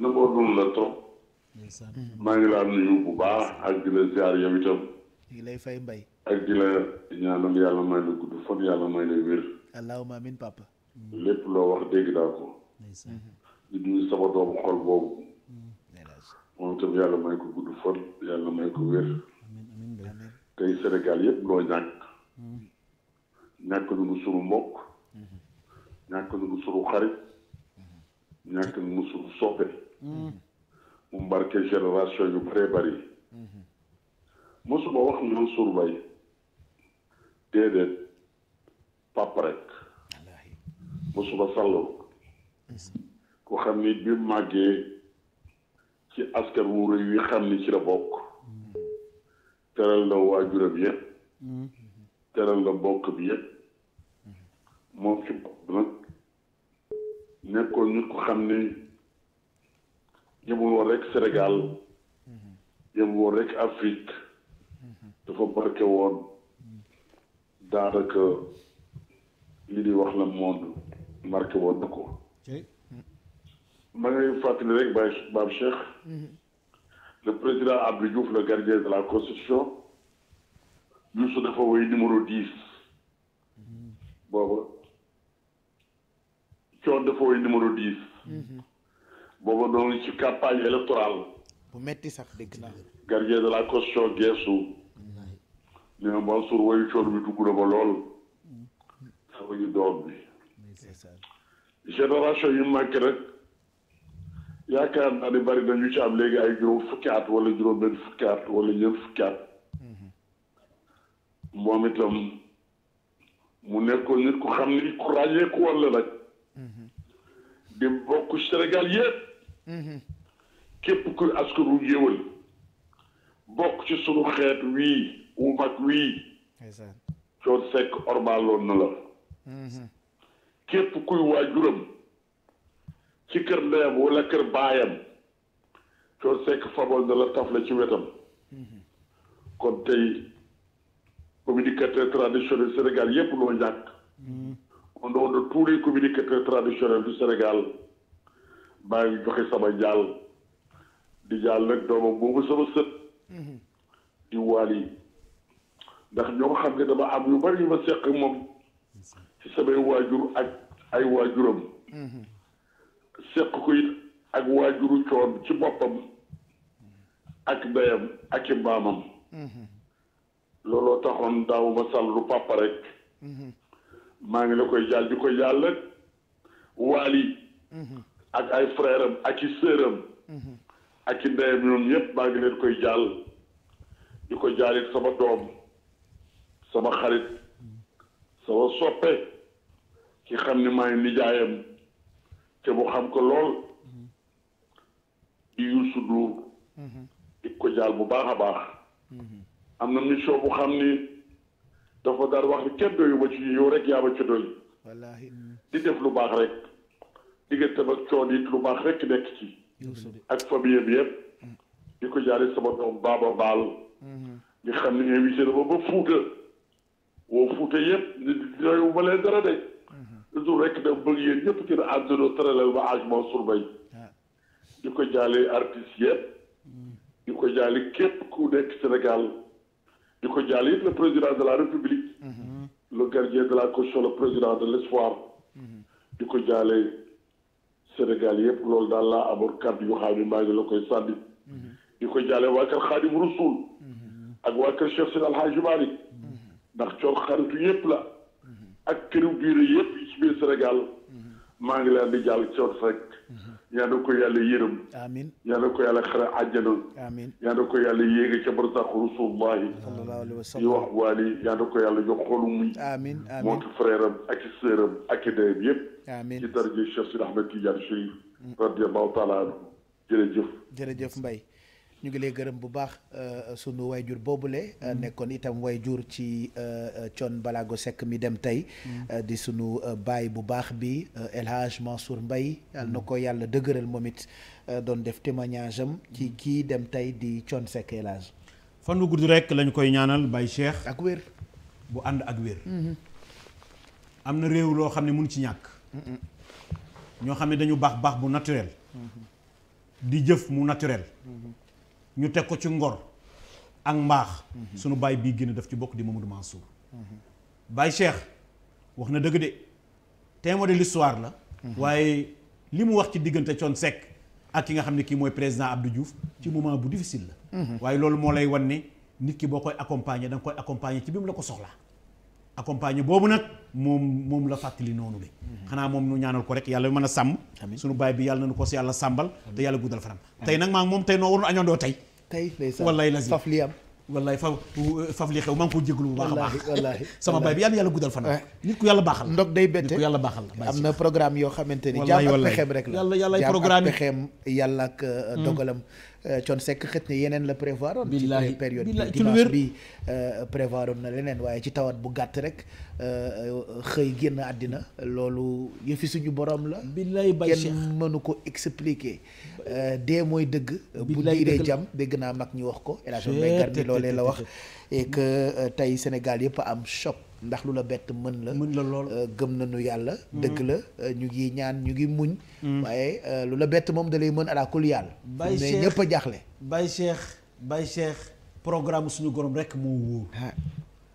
nangoo dund la trop mm-hmm. maa ngi laa nuyu bu baax ak di la ziar yow ngi lay fay mbay ak di la ñaanal yàlla may la gudd fan yàlla may la wér allahumma amin papa lépp loo wax dégg naa ko mm-hmm. di nuyu sama xol boobu moom itam yàlla may ko gudd fan yàlla may ko wér tey Sénégal yëpp loo ñàkk hmm. ñàkk nañu sunu mbokk hmm. ñàkk nañu sunu xarit hmm. ñàkk nañu sunu soppe mu mbarke génération yu bëree bëri mosuma wax noonu sunu bay déedéet pap rek mosuma sàlloo ko xam ni bi màggee ci askan wu rëy xam ni ci la bokk teral na waajuram yëpp teral na bokk bi yëpp moom ci bopp nag nekkoon nit ko xam ni yëmul woon rek Sénégal yëmul woon rek Afrique dafa barke woon daanaka li di wax la monde marqué woon na ko ma ngay fàttali rek ba Baab Cheikh mm-hmm. le président Abdou Diouf le gardien de la constitution Youssou dafa woy numéro dix mm-hmm. booba coon dafa woy numéro dix mm-hmm. booba doon ci campagne électorale bu metti sax dégg naa gardien de la constitution geesu li ma Mansour woyu coon bi dugg na ma lool sa yu manqué rek yaakaar naa ne bari nañu ci am léegi ay juróom fukki at wala juróom benn fukki at wala ñeent fukki mm-hmm. moom itam mu nekkoon nit ku xam ni ku ràññeeku woon la nag mm-hmm. di bokk Sénégal yépp mm-hmm. képp ku askan wu yéwal bokk ci sunu xeet wii wu mag wii coon sekk ormaaloon na la képp kuy waajuram ci kër ndeyam wala kër baayam coon sekk fabal na la taf la ci wetam kon tey communicateur traditionnel Sénégal yépp noo ñàkk au nom de tous les communicateurs du Sénégal maa ngi joxe sama njaal di njaal nag doomam boobu sama sët di waali ndax ñoo xam ne dama am yu bari yu ma seq moom ci samay waajur ak ay waajuram seq ko it ak waajuru coon ci boppam ak ndeyam ak i maamam mm-hmm. looloo taxoon daawuma sàllu papa rek mm-hmm. maa ngi la koy jàll di ko yàlla waali mm-hmm. ak ay frère ak i sœur ak i ndeyam ñoom ñëpp maa ngi leen koy jàll di ko jàllit sama doom sama xarit sama soppe ki xam ni maa ngi nijaayam te mu xam ko lool mhm. di Youssou Ndour mhm. di ko jaal bu baax a baax mhm. am na mission bu xam ni dafa daal wax ni kenn doyu ma ci yow rek yaa ma ci doy di def lu baax rek diggante ak coon it lu baax rek nekk ci ak famille bi yëpp di ko jaale sama doom baaba baal di xam ni invité na ma ba fuuta woo fuuta yëpp di doyu ma leen dara de toujours rek da bëgg yéen ñëpp ci àdduna tëralal ba âge Mansour Mbaye ah. di ko jaale artistes ko jaale képp ku nekk Sénégal di ko jaale it le président de la République mm-hmm. le gardien de la caution le président de l'espoir mm-hmm. di ko jaale Sénégal yëpp loolu daal laa amoon kàddu yu xam ne maa ngi la koy sànni mm-hmm. di ko jaale waa kër Xaadim Rasul ak waa kër Cheikh Seydi El Hadji Malick ndax coor xaritu yëpp la ak këru biir yëpp ci biir Sénégal maa ngi leen di jàll coot rek yaa na ko yàlla yërëm amiin yaa na ko yàlla xare àjjana amiin yaa na ko yàlla yéege ca barsàq rasulullahi sallallahu alayhi wa sallam wax waali yaa na ko yàlla jox xolu muy amiin amiin moo ki frère am ak i sœur am ak i dayam yëpp amiin ci darje Cheikh Sidi Ahmed Tidiane Chérif radiyallahu taala anhu jërëjëf jërëjëf Mbaye ñu ngi lay gërëm bu baax euh, sunu wayjur boobule euh, mm-hmm. nekkoon itam wayjur ci Thione euh, Balago sekk mi dem tey mm-hmm. di sunu baay bu baax bi El Hadj mbay Mbaye yàlla na mm-hmm. ko yàlla dëgëral moom it doon def témoignage am ci kii dem tey di Thione Seck El Hadj fan bu gudd rek lañ koy ñaanal Baye Cheikh ak wér bu ànd ak wér am na réew loo xam ne mun ci ñàkk ñoo xam ne dañu baax baax bu naturel di jëf mu naturel ñu teg ko ci ngor ak mbaax sunu baay bii génn daf ci bokk di Mamadou Mansour baay Cheikh wax na dëgg de témoin de l'histoire la waaye li mu wax ci diggante Thione Seck ak ki nga xam ne kii mooy président Abdou Diouf ci moment bu difficile la mhm. waaye loolu moo lay wan ni nit ki boo koy accompagner da nga koy accompagner ci bi mu la ko soxla accompagné boobu nag moom moom la fàttali noonu le xanaa moom nu ñaanal ko rek yàlla mën a sàmm suñu baay bi yàlla na nu ko si yàlla sàmbal te yàlla guddal fanam tey nag maa ngi moom tey noo waroon añondoo tey tey wallaay la faf li am wallaay fa faf li xew maa ngi ko bu baax a baax sama baay bi yàlla yàlla guddal fanam nit ku yàlla baaxal ndog day bette nit ku yàlla baaxal am na programme yoo xamante ni jaam ak pexeem rek la yàlla yàlla ay programme jaam ak pexeem yàlla ak euh, mm. dogalam Euh, Thione Seck xëj yeneen la prévoir oon ci période bi dimanche bi euh, prévoir on na leneen waaye ci tawat bu gàtt rek euh, xëy génn àddina loolu yëfi suñu borom la billaay bay kenn mënu ko expliquer dee mooy dëgg bu diiree jam bégg naa mag ñu wax ko El Hadj Mbaye Garmi loolee la wax et que tey Sénégal yëpp am choc ndax lu la bett mën la mën la lool euh, gëm na nu yàlla mm-hmm. dëgg la euh, ñu ngi ñaan ñu ngi muñ mm-hmm. waaye euh, lu la bett moom dalay mën alaa kulli yàlla bay mais ñëpp a jaaxle bay cheikh programme suñu gorom rek moo wóor ah.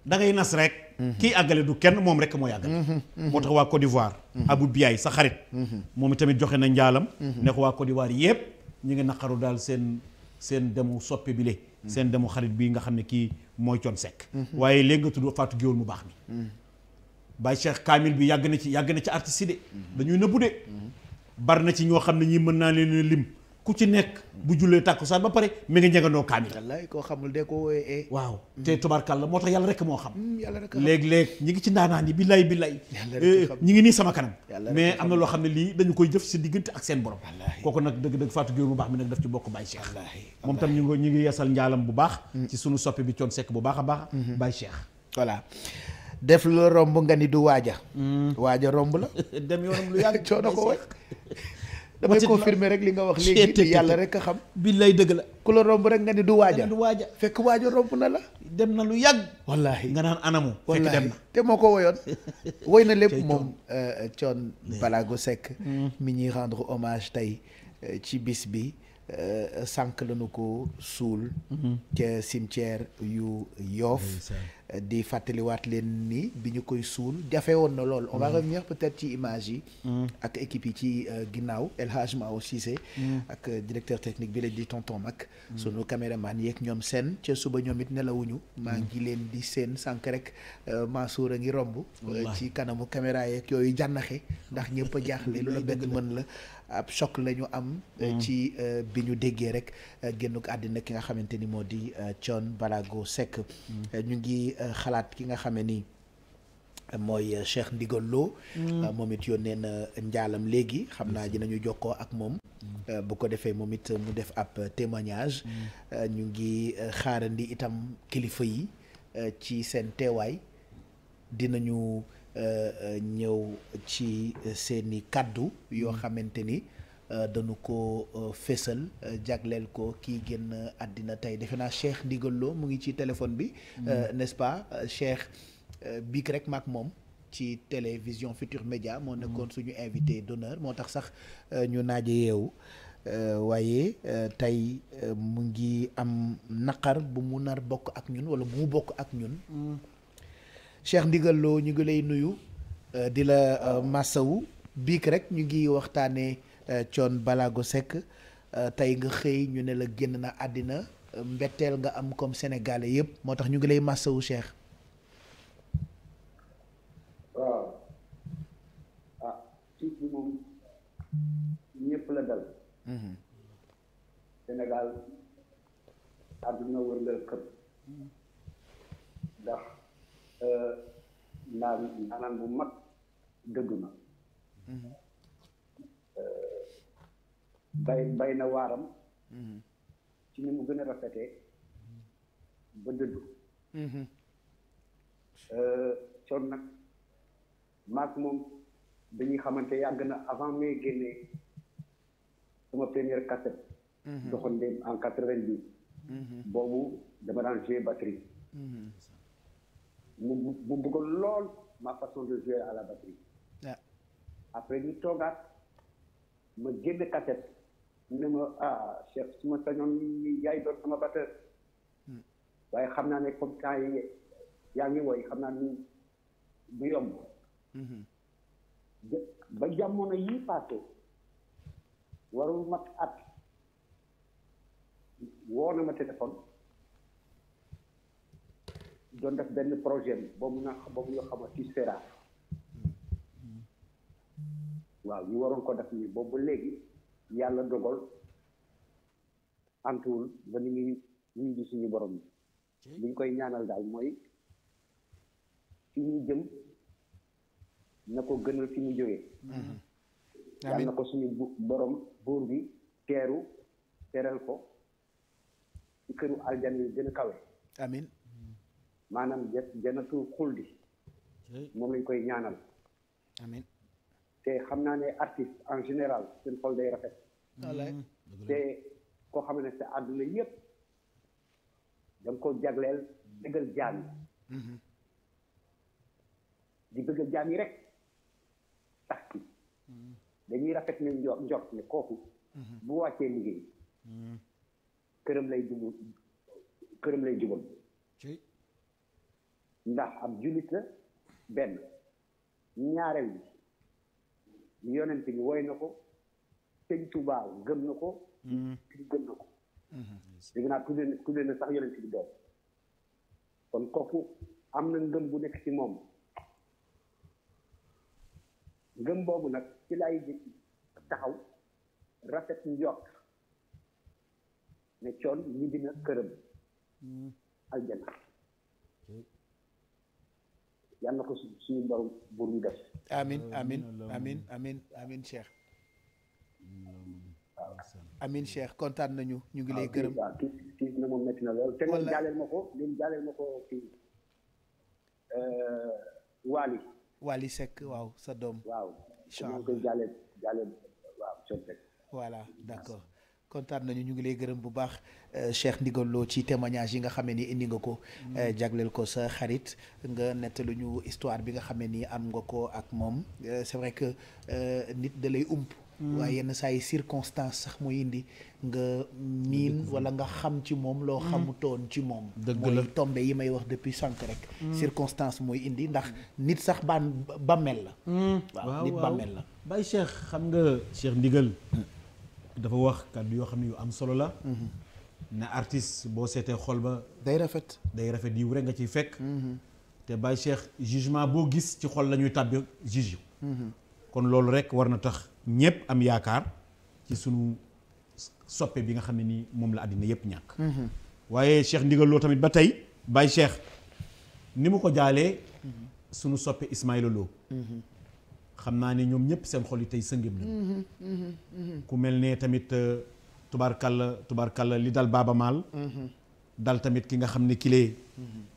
da nas rek mm-hmm. kii àggale du kenn moom rek mooy yàggale moo tax waa Côte d'Ivoire Abou Biaye sa xarit moom itamit joxe na njaalam ne ko waa Côte d'Ivoire yëpp ñu ngi naqaru daal seen seen demu soppe bi le seen demu xarit bi nga xam ne kii mooy Thione Seck waaye léegi nga tudd Fatou Guèyeul mu baax mi Baye Cheikh Kamil bi yàgg na ci yàgg na ci artiste yi de dañuy nëbbu de bari na ci ñoo xam ne ñii mën naa leen lim ku ci nekk bu jullee tàkkusaan ba pare mi ngi njëngandoo kaamil. wallaay koo xamul de ko wooyee. waaw mm. te la moo tax yàlla rek moo xam. Mm, yàlla rek léeg-léeg ñi ngi ci ndaanaan yi billaay billaay. Eh, ñi ngi nii sama kanam. mais am na loo xam ne lii dañu koy jëf si diggante ak seen borom. kooku nag dëgg dëgg Fatou Gueye mu baax mi nag daf ci bokk Baye Cheikh. moom tam ñu ngi ñu ngi yeesal njaalam bu baax. Mm. ci sunu soppi bi coon sekk bu baax a baax. Mm-hmm. Baye seex voilà. def lu romb nga ni du waaja. waaja romb la. dem yoonam lu damay confirmer rek li nga wax léegi yàlla rek a xam bii lay dëgg la ku la romb rek nga ni du waaja du waaja fekk waaja romb na la dem na lu yàgg wallaahi nga naan anamu fekk dem na te moo ko woyoon woy na lépp moom Thione euh, euh, Ballago Seck mm. mi ñuy rendre hommage tey euh, ci bis bi sànq lañu ko suul mm-hmm. ca cimetière yu Yoff di fàttaliwaat leen ni bi ñu koy suul jafe woon na lool. on va mm. revenir peut-être ci image yi. Mm. ak équipe yi ci euh, ginnaaw El Hadj Mao mm. ak euh, directeur technique bi la di tonton Mag. sunu caméraman yeeg ñoom seen ca suba ñoom it nelawuñu. maa ngi leen di seen sànq rek euh, maa suur a ngi romb. ci kanamu caméra yeeg yooyu jànnaxe ndax ñëpp a jaaxle lu la bëgg mën la. ab choc lañu am. Euh, mm. ci euh, bi ñu déggee rek euh, génnuk àddina ki nga xamante ni moo di Thione Ballago Seck. Mm. ñu ngi xalaat ki nga xame ni. mooy Cheikh Ndigal Lo mm. moom it yónnee na njaalam léegi xam naa dinañu jokkoo ak moom bu ko defee moom it mu def ab témoignage ñu ngi xaarandi itam kilifa yi ci seen teewaay dinañu ñëw ci seeni kàddu yoo mm-hmm. xamante ni euh, dañu ko euh, fésal euh, jagleel ko kii génn àddina tey defe naa Cheikh Ndigal Lo mu ngi ci téléphone bi mm-hmm. n'est-ce pas Cheikh biig rek maak moom ci télévision Futur Média moo mm-hmm. nekkoon suñu invité d'honneur moo tax sax ñu naaje yeewu waaye tey mu ngi am naqar bu mu nar bokk ak ñun wala bu mu bokk ak ñun Cheikh Ndigal ñu ngi lay nuyu euh, di la euh, massawu biik rek ñu ngi waxtaanee euh, Thione Ballago Seck tey nga xëy ñu ne la génn na àddina mbetteel nga am comme sénégalais yëpp moo tax ñu ngi lay massawu Cheikh. waaw ah tiit ndaa euh, ndaanaan bu mag dëddu na mm-hmm. bay bay na waaram mm-hmm. ci ni mu gën a rafetee ba dëddu mm-hmm. euh, coon nag maak moom dañuy xamante yàgg na avant may génnee sama première cassette doxandéem en quatre-vingt-dix boobu dama daan jouer batterie mu mu bëggoon lool ma façon de jouer à la batterie. après ñu toogaat ma génne cassette ne ma ah chef su ma sañoon yaay doon sama batteur. Hmm. waaye xam naa ne comme temps yaa ngi woy xam naa ni du yomb. Mm-hmm. ba jamono yii paase warul mat at woo na ma téléphone. doon def benn projet bi boobu nga boobu nga xam ci sera waaw ñu waroon ko def nii boobu léegi yàlla dogal antwul ba ni ngi ñu ngi suñu borom bi li ñu koy ñaanal daal mooy fi ñu jëm na ko gënal fi mu jógee mhm. yàlla na ko suñu borom buur bi teeru teral ko ci këru aljan yi gën a kawe amin maanaam janatul di moom lañ koy ñaanal amiin te xam naa ne artiste en général seen xol day rafet mm-hmm. te koo xam ne sa àdduna yëpp da nga ko jagleel bëggal jaam yi mm-hmm. di bëggal jaam yi rek tax ci mm-hmm. dañuy rafet ne njort ne kooku bu wàccee liggéey këram lay jubal këram lay jubal ndax am jullit la benn ñaareel bi yonent bi woy na ko sëñ Tuubaa gëm na ko mm-hmm. gëm na ko mm-hmm. dégg naa tuddee na tuddee na sax yonent kon kooku am na ngëm bu nekk ci moom gëm boobu nag ci lay di taxaw rafet njort ne coon ñibbi na këram mm-hmm. aljana yal ko su suñu borom buur ñu def. amin amin amin amin amin Cheikh. kontaan nañu ñu ngi lay ah, gërëm. waaw kii kii na moom métti euh, waaw sa doom. waaw incha allah kontaan nañu ñu ngi lay gërëm bu baax euh, Cheikh Ndigal Lo ci témoignage yi nga xamee ni indi nga ko mm. euh, jagleel ko sa xarit nga nettalu ñu histoire bi nga xamee ni am nga ko ak moom euh, c'est vrai que nit da lay ump mm. waaye yenn saa yi circonstance sax muy indi nga miin wala nga xam ci moom loo mm. xamutoon ci moom mooy tombe yi may wax depuis sànq rek circonstance mooy indi ndax nit sax baan bàmmeel la waaw nit bàmmeel la Baye Cheikh xam nga Cheikh Ndigal dafa wax kàddu yoo xam ne yu am solo la mm-hmm. na artiste boo seetee xol ba day rafet day rafet yiw rek nga ciy fekk mm-hmm. te Baye Cheikh jugement boo gis ci xol lañuy ñuy tàbbi juge mm-hmm. kon loolu rek war na tax ñëpp am yaakaar ci sunu soppe bi nga xam ne nii moom la àddina yëpp ñàkk waaye Cheikh Ndigal Lo tamit ba tey Baye Cheikh ni mu ko jaalee sunu soppee Ismaïla Lo xam naa ne ñoom ñëpp seen xol yi tey sëngëm nañu mm-hmm, mm-hmm, mm-hmm. ku mel ne tamit euh, tubaarkalla tubaarkalla li dal Baaba Maal dal tamit ki nga xam ne kilee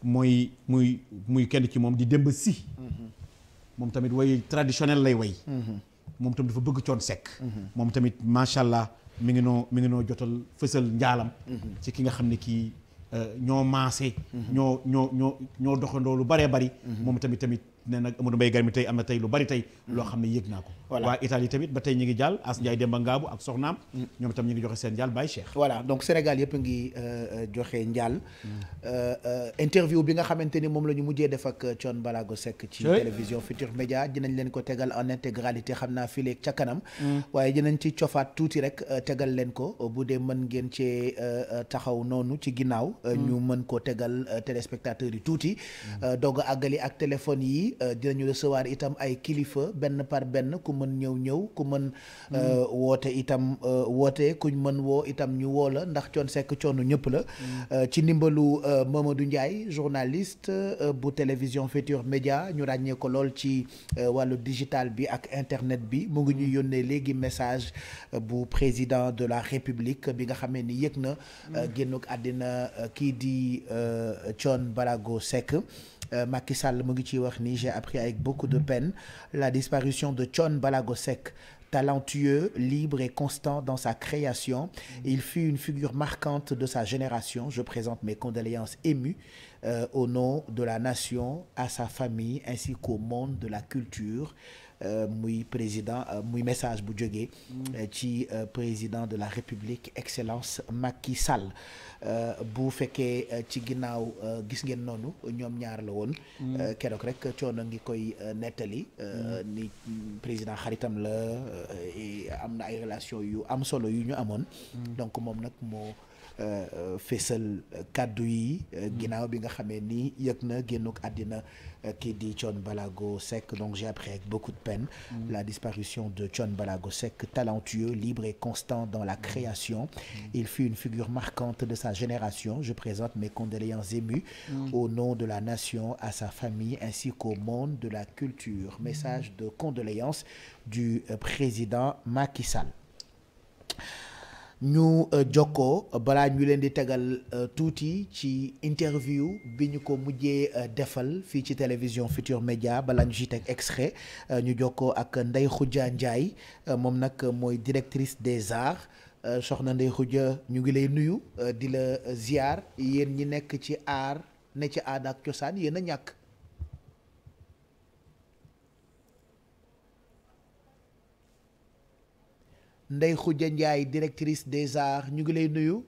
mooy muy muy kenn ci moom di Demba Si moom tamit way traditionnel lay way moom tamit dafa bëgg coon sekk moom tamit macha allah mi ngi noo mi ngi noo jotal fësal njaalam ci ki nga xam ne kii euh, ñoo maase ñoo ñoo ñoo ñoo doxandoo lu baree bari moom tamit tamit ne nag Amadou Mbaye Garmi tey am na tey lu bari tey loo xam ne yëg naa ko waa Italie tamit ba tey ñu ngi jàll As Ndiaye Demba Ngaabu ak soxnaam mm. ñoom itam ñu ngi joxe seen jàll Baye Cheikh voilà donc Sénégal yëpp a ngi euh, euh, joxe njàll mm. euh, interview bi nga xamante ni moom la ñu mujjee def ak Thione Balago Seck ci télévision Futur Média dinañ leen ko tegal en intégralité xam naa fileeg ca kanam mm. waaye dinañ ci cofaat tuuti rek tegal leen ko bu dee mën ngeen cee taxaw noonu ci ginnaaw ñu mën ko tegal téléspectateurs yi tuuti doog àggali ak téléphone yi bi euh, dinañu recevoir itam ay kilifa benn par benn ku mën ñëw ñëw ku mën euh, mm. woote itam euh, woote kuñ mën woo itam ñu woo la ndax coon sekk coonu ñëpp la mm. ci ndimbalu Mamadou Ndiaye journaliste bu télévision Futurs Médias ñu ràññee ko lool ci wàllu digital bi ak internet bi mu ngi ñuy mm. yónnee léegi message bu président de la république bi nga xamee ni yëg na génnuk àddina kii di coon Balago Seck Euh, Macky Sall mu ngi ciy wax ni j'ai appris avec beaucoup de peine la disparition de Thione Balago Seck talentueux, libre et constant dans sa création. Il fut une figure marquante de sa génération. Je présente mes condoléances émues euh, au nom de la nation, à sa famille, ainsi qu'au monde de la culture. Euh, muy président euh, muy message bu jógee euh, ci président de la république excellence ki Sall bu fekkee ci ginnaaw gis ngeen noonu ñoom ñaar la woon mm. keroog rek coono ngi koy nettali mm. ni mm, président xaritam la am na ay relation yu am solo yu ñu amoon donc moom nag moo Euh, fésal kàddu yi. Euh, mm. ginnaaw bi nga xamee ni yëg na génnuk àddina euh, kii di Thione Ballago Seck donc j'ai appris avec beaucoup de peine. Mm. la disparition de Thione Ballago Seck talentueux libre et constant dans la mm. création. il fut une figure marquante de sa génération je présente mes condoléances émues. de la nation à sa famille ainsi qu'au monde de la culture message de condoléances du président Macky ñu euh, jokkoo balaa ñu leen di tegal euh, tuuti ci interview bi ñu ko mujjee euh, defal fii ci télévision Futur Média balaa ñu ci teg extrait ñu jokkoo ak Ndeye Khoudia Ndiaye moom nag mooy directrice des arts soxna Ndeye Khoudia ñu ngi lay nuyu di la ziar yéen ñi nekk ci aar ne ci aada ak cosaan yéen a ñàkk. Ndeye Khoudia Ndiaye directrice des arts ñu ngi lay nuyu.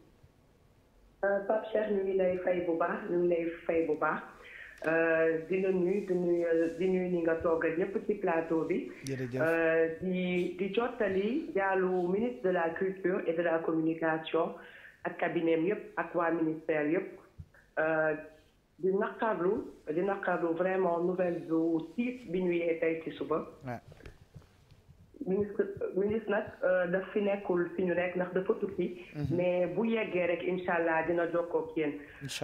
Euh, Pape Cheikh ñu ngi lay fay bu baax ñu ngi lay fay bu baax euh, di la nuyu di nuyu ni nga toogal ñëpp ci plateau bi. Euh, di di jottali jaalu ministre de la culture et de la communication ak cabinet yëpp ak waa ministère yëpp. di naqarlu di naqarlu vraiment nouvelle bu tiis bi ñu yee tey ci suba. ministre ministre nag euh, daf fi nekkul fi ñu rek ndax dafa tukki. Mhm. mais bu yeggee rek incha allah dina jokkoo ak yéen.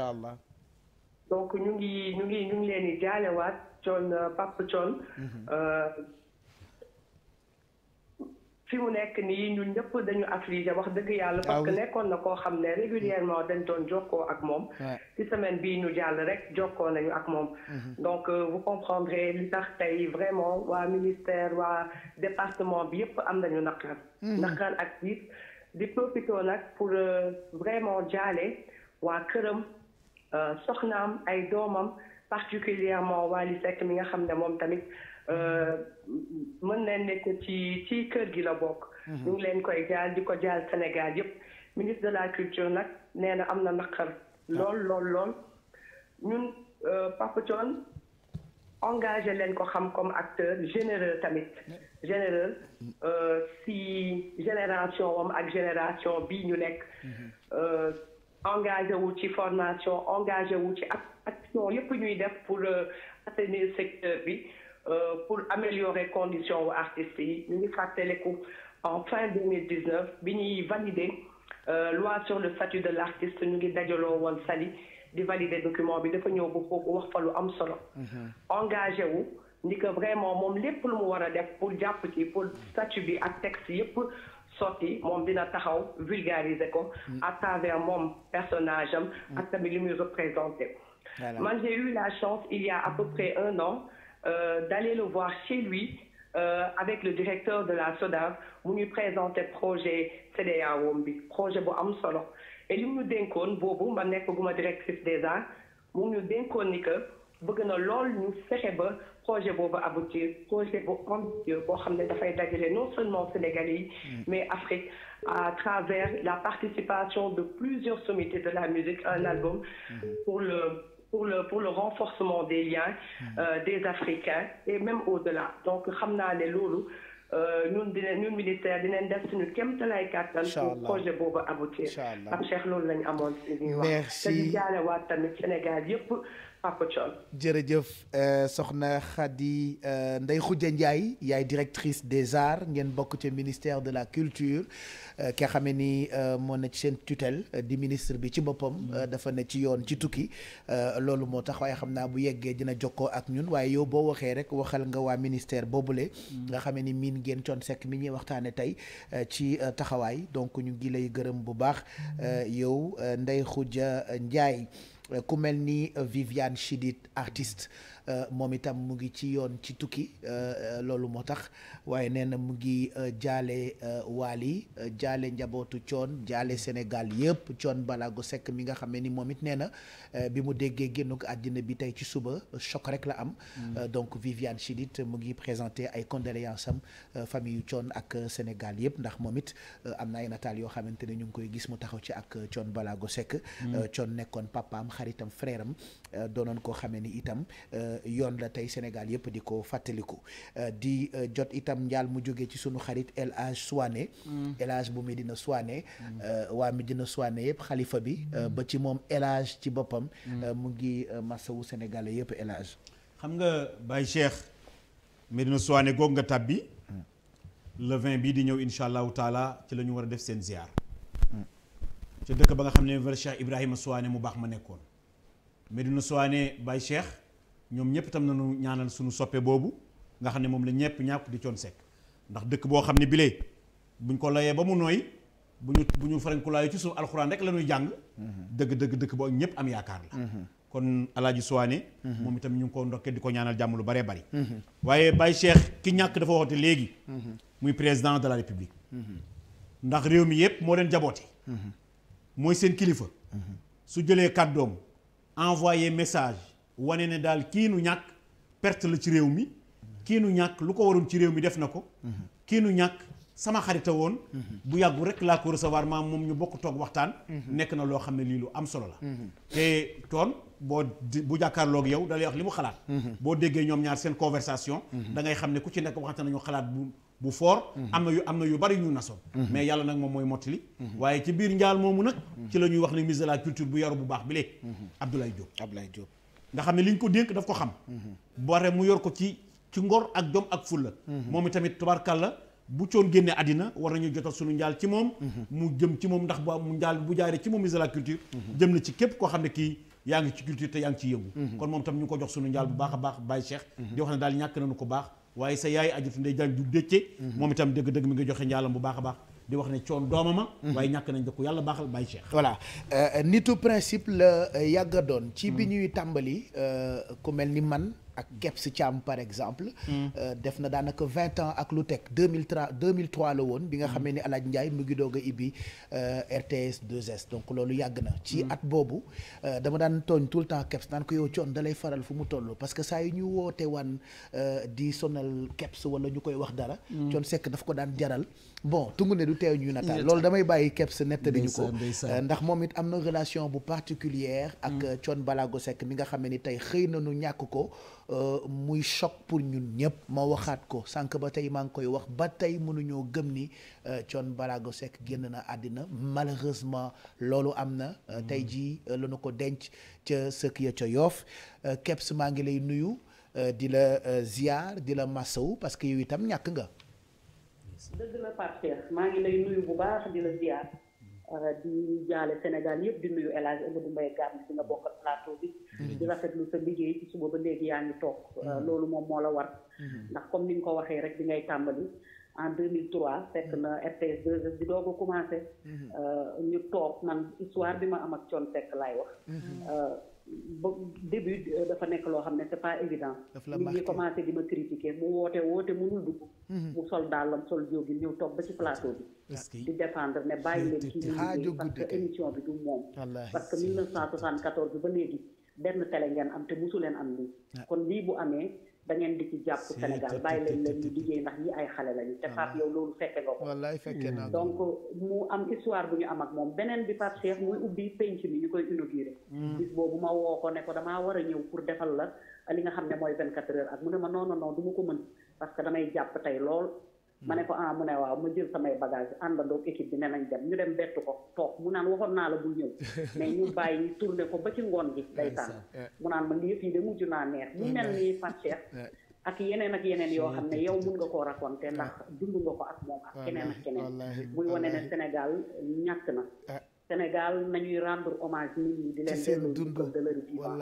allah. donc ñu ngi ñu ngi ñu ngi leen di jaalewaat Thione euh, Pape Thione. Mhm. Euh, fi mu nekk nii ñun ñëpp dañu affligé wax dëgg yàlla. Ah parce que nekkoon na koo xam ne régulièrement dañ toon jokkoo ak moom. si semaine bii ñu jàll rek jokkoo nañu ak moom. Mm-hmm. donc euh, vous comprendrez li tax tey vraiment waa ministère waa département bi yëpp am nañu naqar. Mm-hmm. naqar ak tiit di profité nag pour euh, vraiment jaale waa këram euh, soxnaam ay doomam particulièrement waa li sekk mi nga xam ne moom tamit. Euh, mën na nekk ci ci kër gi la bokk. Mhm. ñu leen koy jaal di ko jaal Sénégal yëpp ministre de la culture nag nee na am na naqar ah. lool lool lool ñun euh, Papa Thione engagé leen ko xam comme acteur généreux tamit généreux mhm. euh, si génération wam ak génération bii ñu nekk mhm. engagé wu ci formation engagé wu ci action yëpp ñuy def pour atteindre secteur bi Euh, pour améliorer condition wu artistes yi ñu ngi fàttaliku en fin 2019 bi ñuy valider euh, loi sur le statut de l'artiste ñu ngi dajaloo woon Saly di valider document bi dafa ñëw ba wax fa lu am solo mhm. engagé wu ni que vraiment moom lépp lu mu war a def pour jàpp ci pour statut bi ak texte yépp sotti moom dina taxaw vulgariser ko mhm. à travers moom personnage am ak mhm. tamit représenté man j'ai eu la chance il y a à peu près un an Euh, d'aller le voir chez lui euh, avec le directeur de la soda mu ñu présenté projet CEDEAO woom bi projet bu am solo et li mu ñu dénkoon boobu ma nekk guma directrice des arts mu ñu dénkoon ni que bëgg na lool fexe ba projet boobu aboutir projet bu ambitieux boo xam ne dafay dajale non seulement Sénégalais yi mm. mais Afrique à travers la participation de plusieurs sommités de la musique un mm. album mm. pour le pour le pour le renforcement des liens hmm. euh, des Africains et même au-delà donc xam naa ne loolu euh, ñun dinañ ñun ministère dinañ def suñu kéemtalaay kàttan. pour projet boobu aboutir. incha allah Pape loolu la ñu amoon. merci di wax te di jaalewaat tamit Sénégal yëpp. Papa Thion jërëjëf eh, soxna Khady eh, Ndeye Khoudia Ndiaye yaay directrice des arts ngeen bokk ci ministère de la culture eh, ki xamee ni moo na ci seen tutelle di ministre bi ci boppam dafa na ci yoon ci tukki loolu moo tax waaye xam naa bu yeggee dina jokkoo ak ñun waaye yow boo waxee rek waxal nga waa ministère boobule nga xamee ni miin ngeen Thione Seck mi ñuy waxtaane tey ci taxawaay donc ñu ngi lay gërëm bu baax yow Ndeye Khoudia Ndiaye Euh, ku mel ni euh, Viviane Chidid artist euh, moom itam mu ngi ci yoon ci tukki loolu moo tax waaye nee na mu ngi jaale Waly jaale njabootu Thione jaale Sénégal yëpp Thione Ballago sekk mi nga xam ne ni moom it nee na bi mu déggee génnuk àddina bi tey ci suba choc rek la am. Mm. donc Viviane Chidid mu ngi présenté ay condoléances am famille yu Thione ak Sénégal yëpp ndax moom it am na ay nataal yoo xamante ne ñu ngi koy gis mu taxaw ci ak coon Ballago Seck. Mm. Thione nekkoon papaam. xaritam frère am euh, doonoon koo xamee ni itam euh, yoon la tey Sénégal yëpp di ko fàttaliku euh, di jot itam njaal mu jóge ci sunu xarit El Hadj Souané mm. El Hadj bu Medina Souané mm. waa Medina Souané yëpp xalifa bi mm. ba ci moom El ci boppam mu ngi masawu sénégalais yëpp El xam nga Baye Cheikh Medina Souané goog nga tàbbi levin vin bii di ñëw incha allahu taala ci la ñu war a def seen ziar. ca dëkk ba nga xam ne vers Cheikh Ibrahima Souané mu baax ma nekkoon Medina Souane Baye Cheikh ñoom ñëpp itam nañu ñaanal suñu soppee boobu nga xam ne moom la ñëpp ñàpp di coon sekk ndax dëkk boo xam ne bile buñ ko layee ba mu nooy bu ñu bu ñu farankulaayu ci suñu alxuraan rek la ñuy jàng. Mm-hmm. dëgg dëgg dëkk boo ñëpp am yaakaar la. Mm-hmm. kon alaaji Souane. Mm-hmm. moom itam ñu ngi ko ndokkee di ko ñaanal jàmm lu baree bari. waaye Baye Cheikh ki ñàkk dafa waxote léegi. muy président de la république. ndax réew mi yëpp moo leen jaboote. mooy seen kilifa. su jëlee kàddoom envoyé message wane ne daal kii nu ñàkk perte la ci réew mi kii nu ñàkk lu ko warul ci réew mi def na ko kii nu ñàkk sama xarita woon bu yàggu rek laa ko recevoir maam moom ñu bokk toog waxtaan nekk na loo xam ne lii lu am solo la te toon boo bu jàkkaarloog yow da lay wax li mu xalaat mhm. boo déggee ñoom ñaar seen conversation mhm. da xam ne ku ci nekk waxante nañu xalaat bu fort mhm. am na yu am na yu bari ñu nasoon mhm. mais yàlla nag moom mooy mottali mhm. waaye ci biir njaal moomu nag ci la ñuy wax ne ministre de la culture bu yaru bu baax bi lee Abdoulaye Diop Abdoulaye Diop nga xam ne li ñu ko dénk daf ko xam bare mu yor ko ci ci ngor ak jom ak fulla moom itamit tubaarkàlla bu coon génnee àddina war nañu jotal suñu njaal ci moom mu jëm ci moom ndax bu mu njaal bu jaaree ci moom ministre de culture jëm na ci képp koo xam ne kii yaa ngi ci culture te yaa ko jox suñu njaal bu baax a baax Baye Cheikh di wax ne ko baax waaye sa yaay ajut ndey jaan ju décce mhm. moom itam dëgg-dëgg mi ngi joxe njaalam bu baax a baax di wax ne coon doomama mhm. waaye ñàkk nañ ko yàlla baaxal bàyyi Cheikh voilà euh, nitu principe la yàgga doon ci bi ñuy tàmbali euh, ku mel ni man ak Geps Thiam par exemple. Mm. Euh, def na daanaka vingt ans ak lu teg deux mille trois deux mille la woon. bi nga mm. xamee ni El Hadj Ndiaye mu ngi doog a ibbi euh, RTS 2S donc loolu yàgg na. ci mm. at boobu euh, dama daan tooñ tout le temps Geps naan ko yow coon da faral fu mu toll parce que saa yu ñu woote wan di sonal Geps wala ñu koy wax dara. coon sekk daf ko daan jaral bon tungu ne du teew ñu nataal loolu damay bàyyi Geps nettali ñu ko ndax moom it am na relation bu particulière ak coon Balago Seck mi nga xamee ni tey xëy na ñu ñàkk ko. Euh, muy choc pour ñun ñëpp ma waxaat ko sànq ba tey maa ngi koy wax ba tey mënuñoo gëm ni euh, Thione Ballago Seck génn na àddina malheureusement loolu am na euh, mm. tey jii lanu ko denc ca sëkk ya ca Yoff Kebs maa ngi lay nuyu di la ziar di la massawu parce que yow itam ñàkk nga maa ngi lay nuyu bu baax di la ziar Euh, di jaale Sénégal yëpp di nuyu El Hadj Amadou Mbaye Gam di nga bokk plateau bi. Mm-hmm. di rafetlu sa liggéey ci suba ba léegi yaa ngi toog. Euh, mm-hmm. loolu moom moo la war. Mm-hmm. ndax comme ni nga ko waxee rek bi ngay tàmbali. en 2003 fekk na RTS 2S di doog a commencé. Euh, ñu toog man histoire bi ma am ak Thione Seck laay wax. ba début euh, dafa nekk loo xam ne c'est pas évident. nit ñi commencé di ma critiquer mu woote woote mënul dugg. Mhm. mu sol dàllam sol jógi ñëw toog ba ci plateau bi. di défendre ne bàyyi leen kii ñu parce que émission bi du moom. parce que 1974 ba léegi benn télé ngeen am te mosu leen am lii. Ah. kon lii bu amee. da ngeen di ci jàpp Sénégal bàyyi leen leen ñu liggéey ndax ñi ay xale lañu te Pape ah. yow loolu fekke nga ko hmm. donc mu am histoire bu ñu am ak moom beneen bi Pape Cheikh muy ubbi penc mi ñu koy inauguré hmm. bis boobu ma woo ko ne ko damaa war a ñëw pour defal la li nga xam ne mooy vingt quatre heures ak mu ne ma non non non du ma ko mën parce que damay jàpp tey lool ma ne ko ah mu ne waaw ma jël samay bagage àndandoog équipe bi ne nañ dem ñu dem bettu ko toog mu naan waxoon naa la bul ñëw mais ñu bàyyi ñu tourné ko ba ci ngoon gi day tànn mu naan man yëf yi de mujj naa neex mu mel ni Fatou ak yeneen ak yeneen yoo xam ne yow mun nga koo raconté ndax dund nga ko ak moom ak keneen ak keneen muy wane ne Sénégal ñàkk na Sénégal nañuy rendre hommage nit ñi di leen delloo dund de leur vivant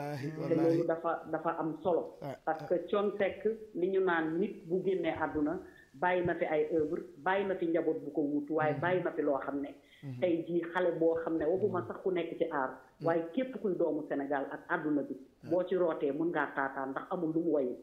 te loolu dafa dafa am solo parce que Thione Seck li ñu naan nit bu génnee àdduna bàyyi na fi ay œuvre bàyyi na fi njaboot bu ko wuutu waaye mm-hmm. bàyyi na fi loo xam ne mm-hmm. tey jii xale boo xam ne ma mm-hmm. sax ku nekk ci aar waaye képp kuy doomu Sénégal ak àdduna bi boo ci rootee mën ngaa taataan ndax amul lu mu woyu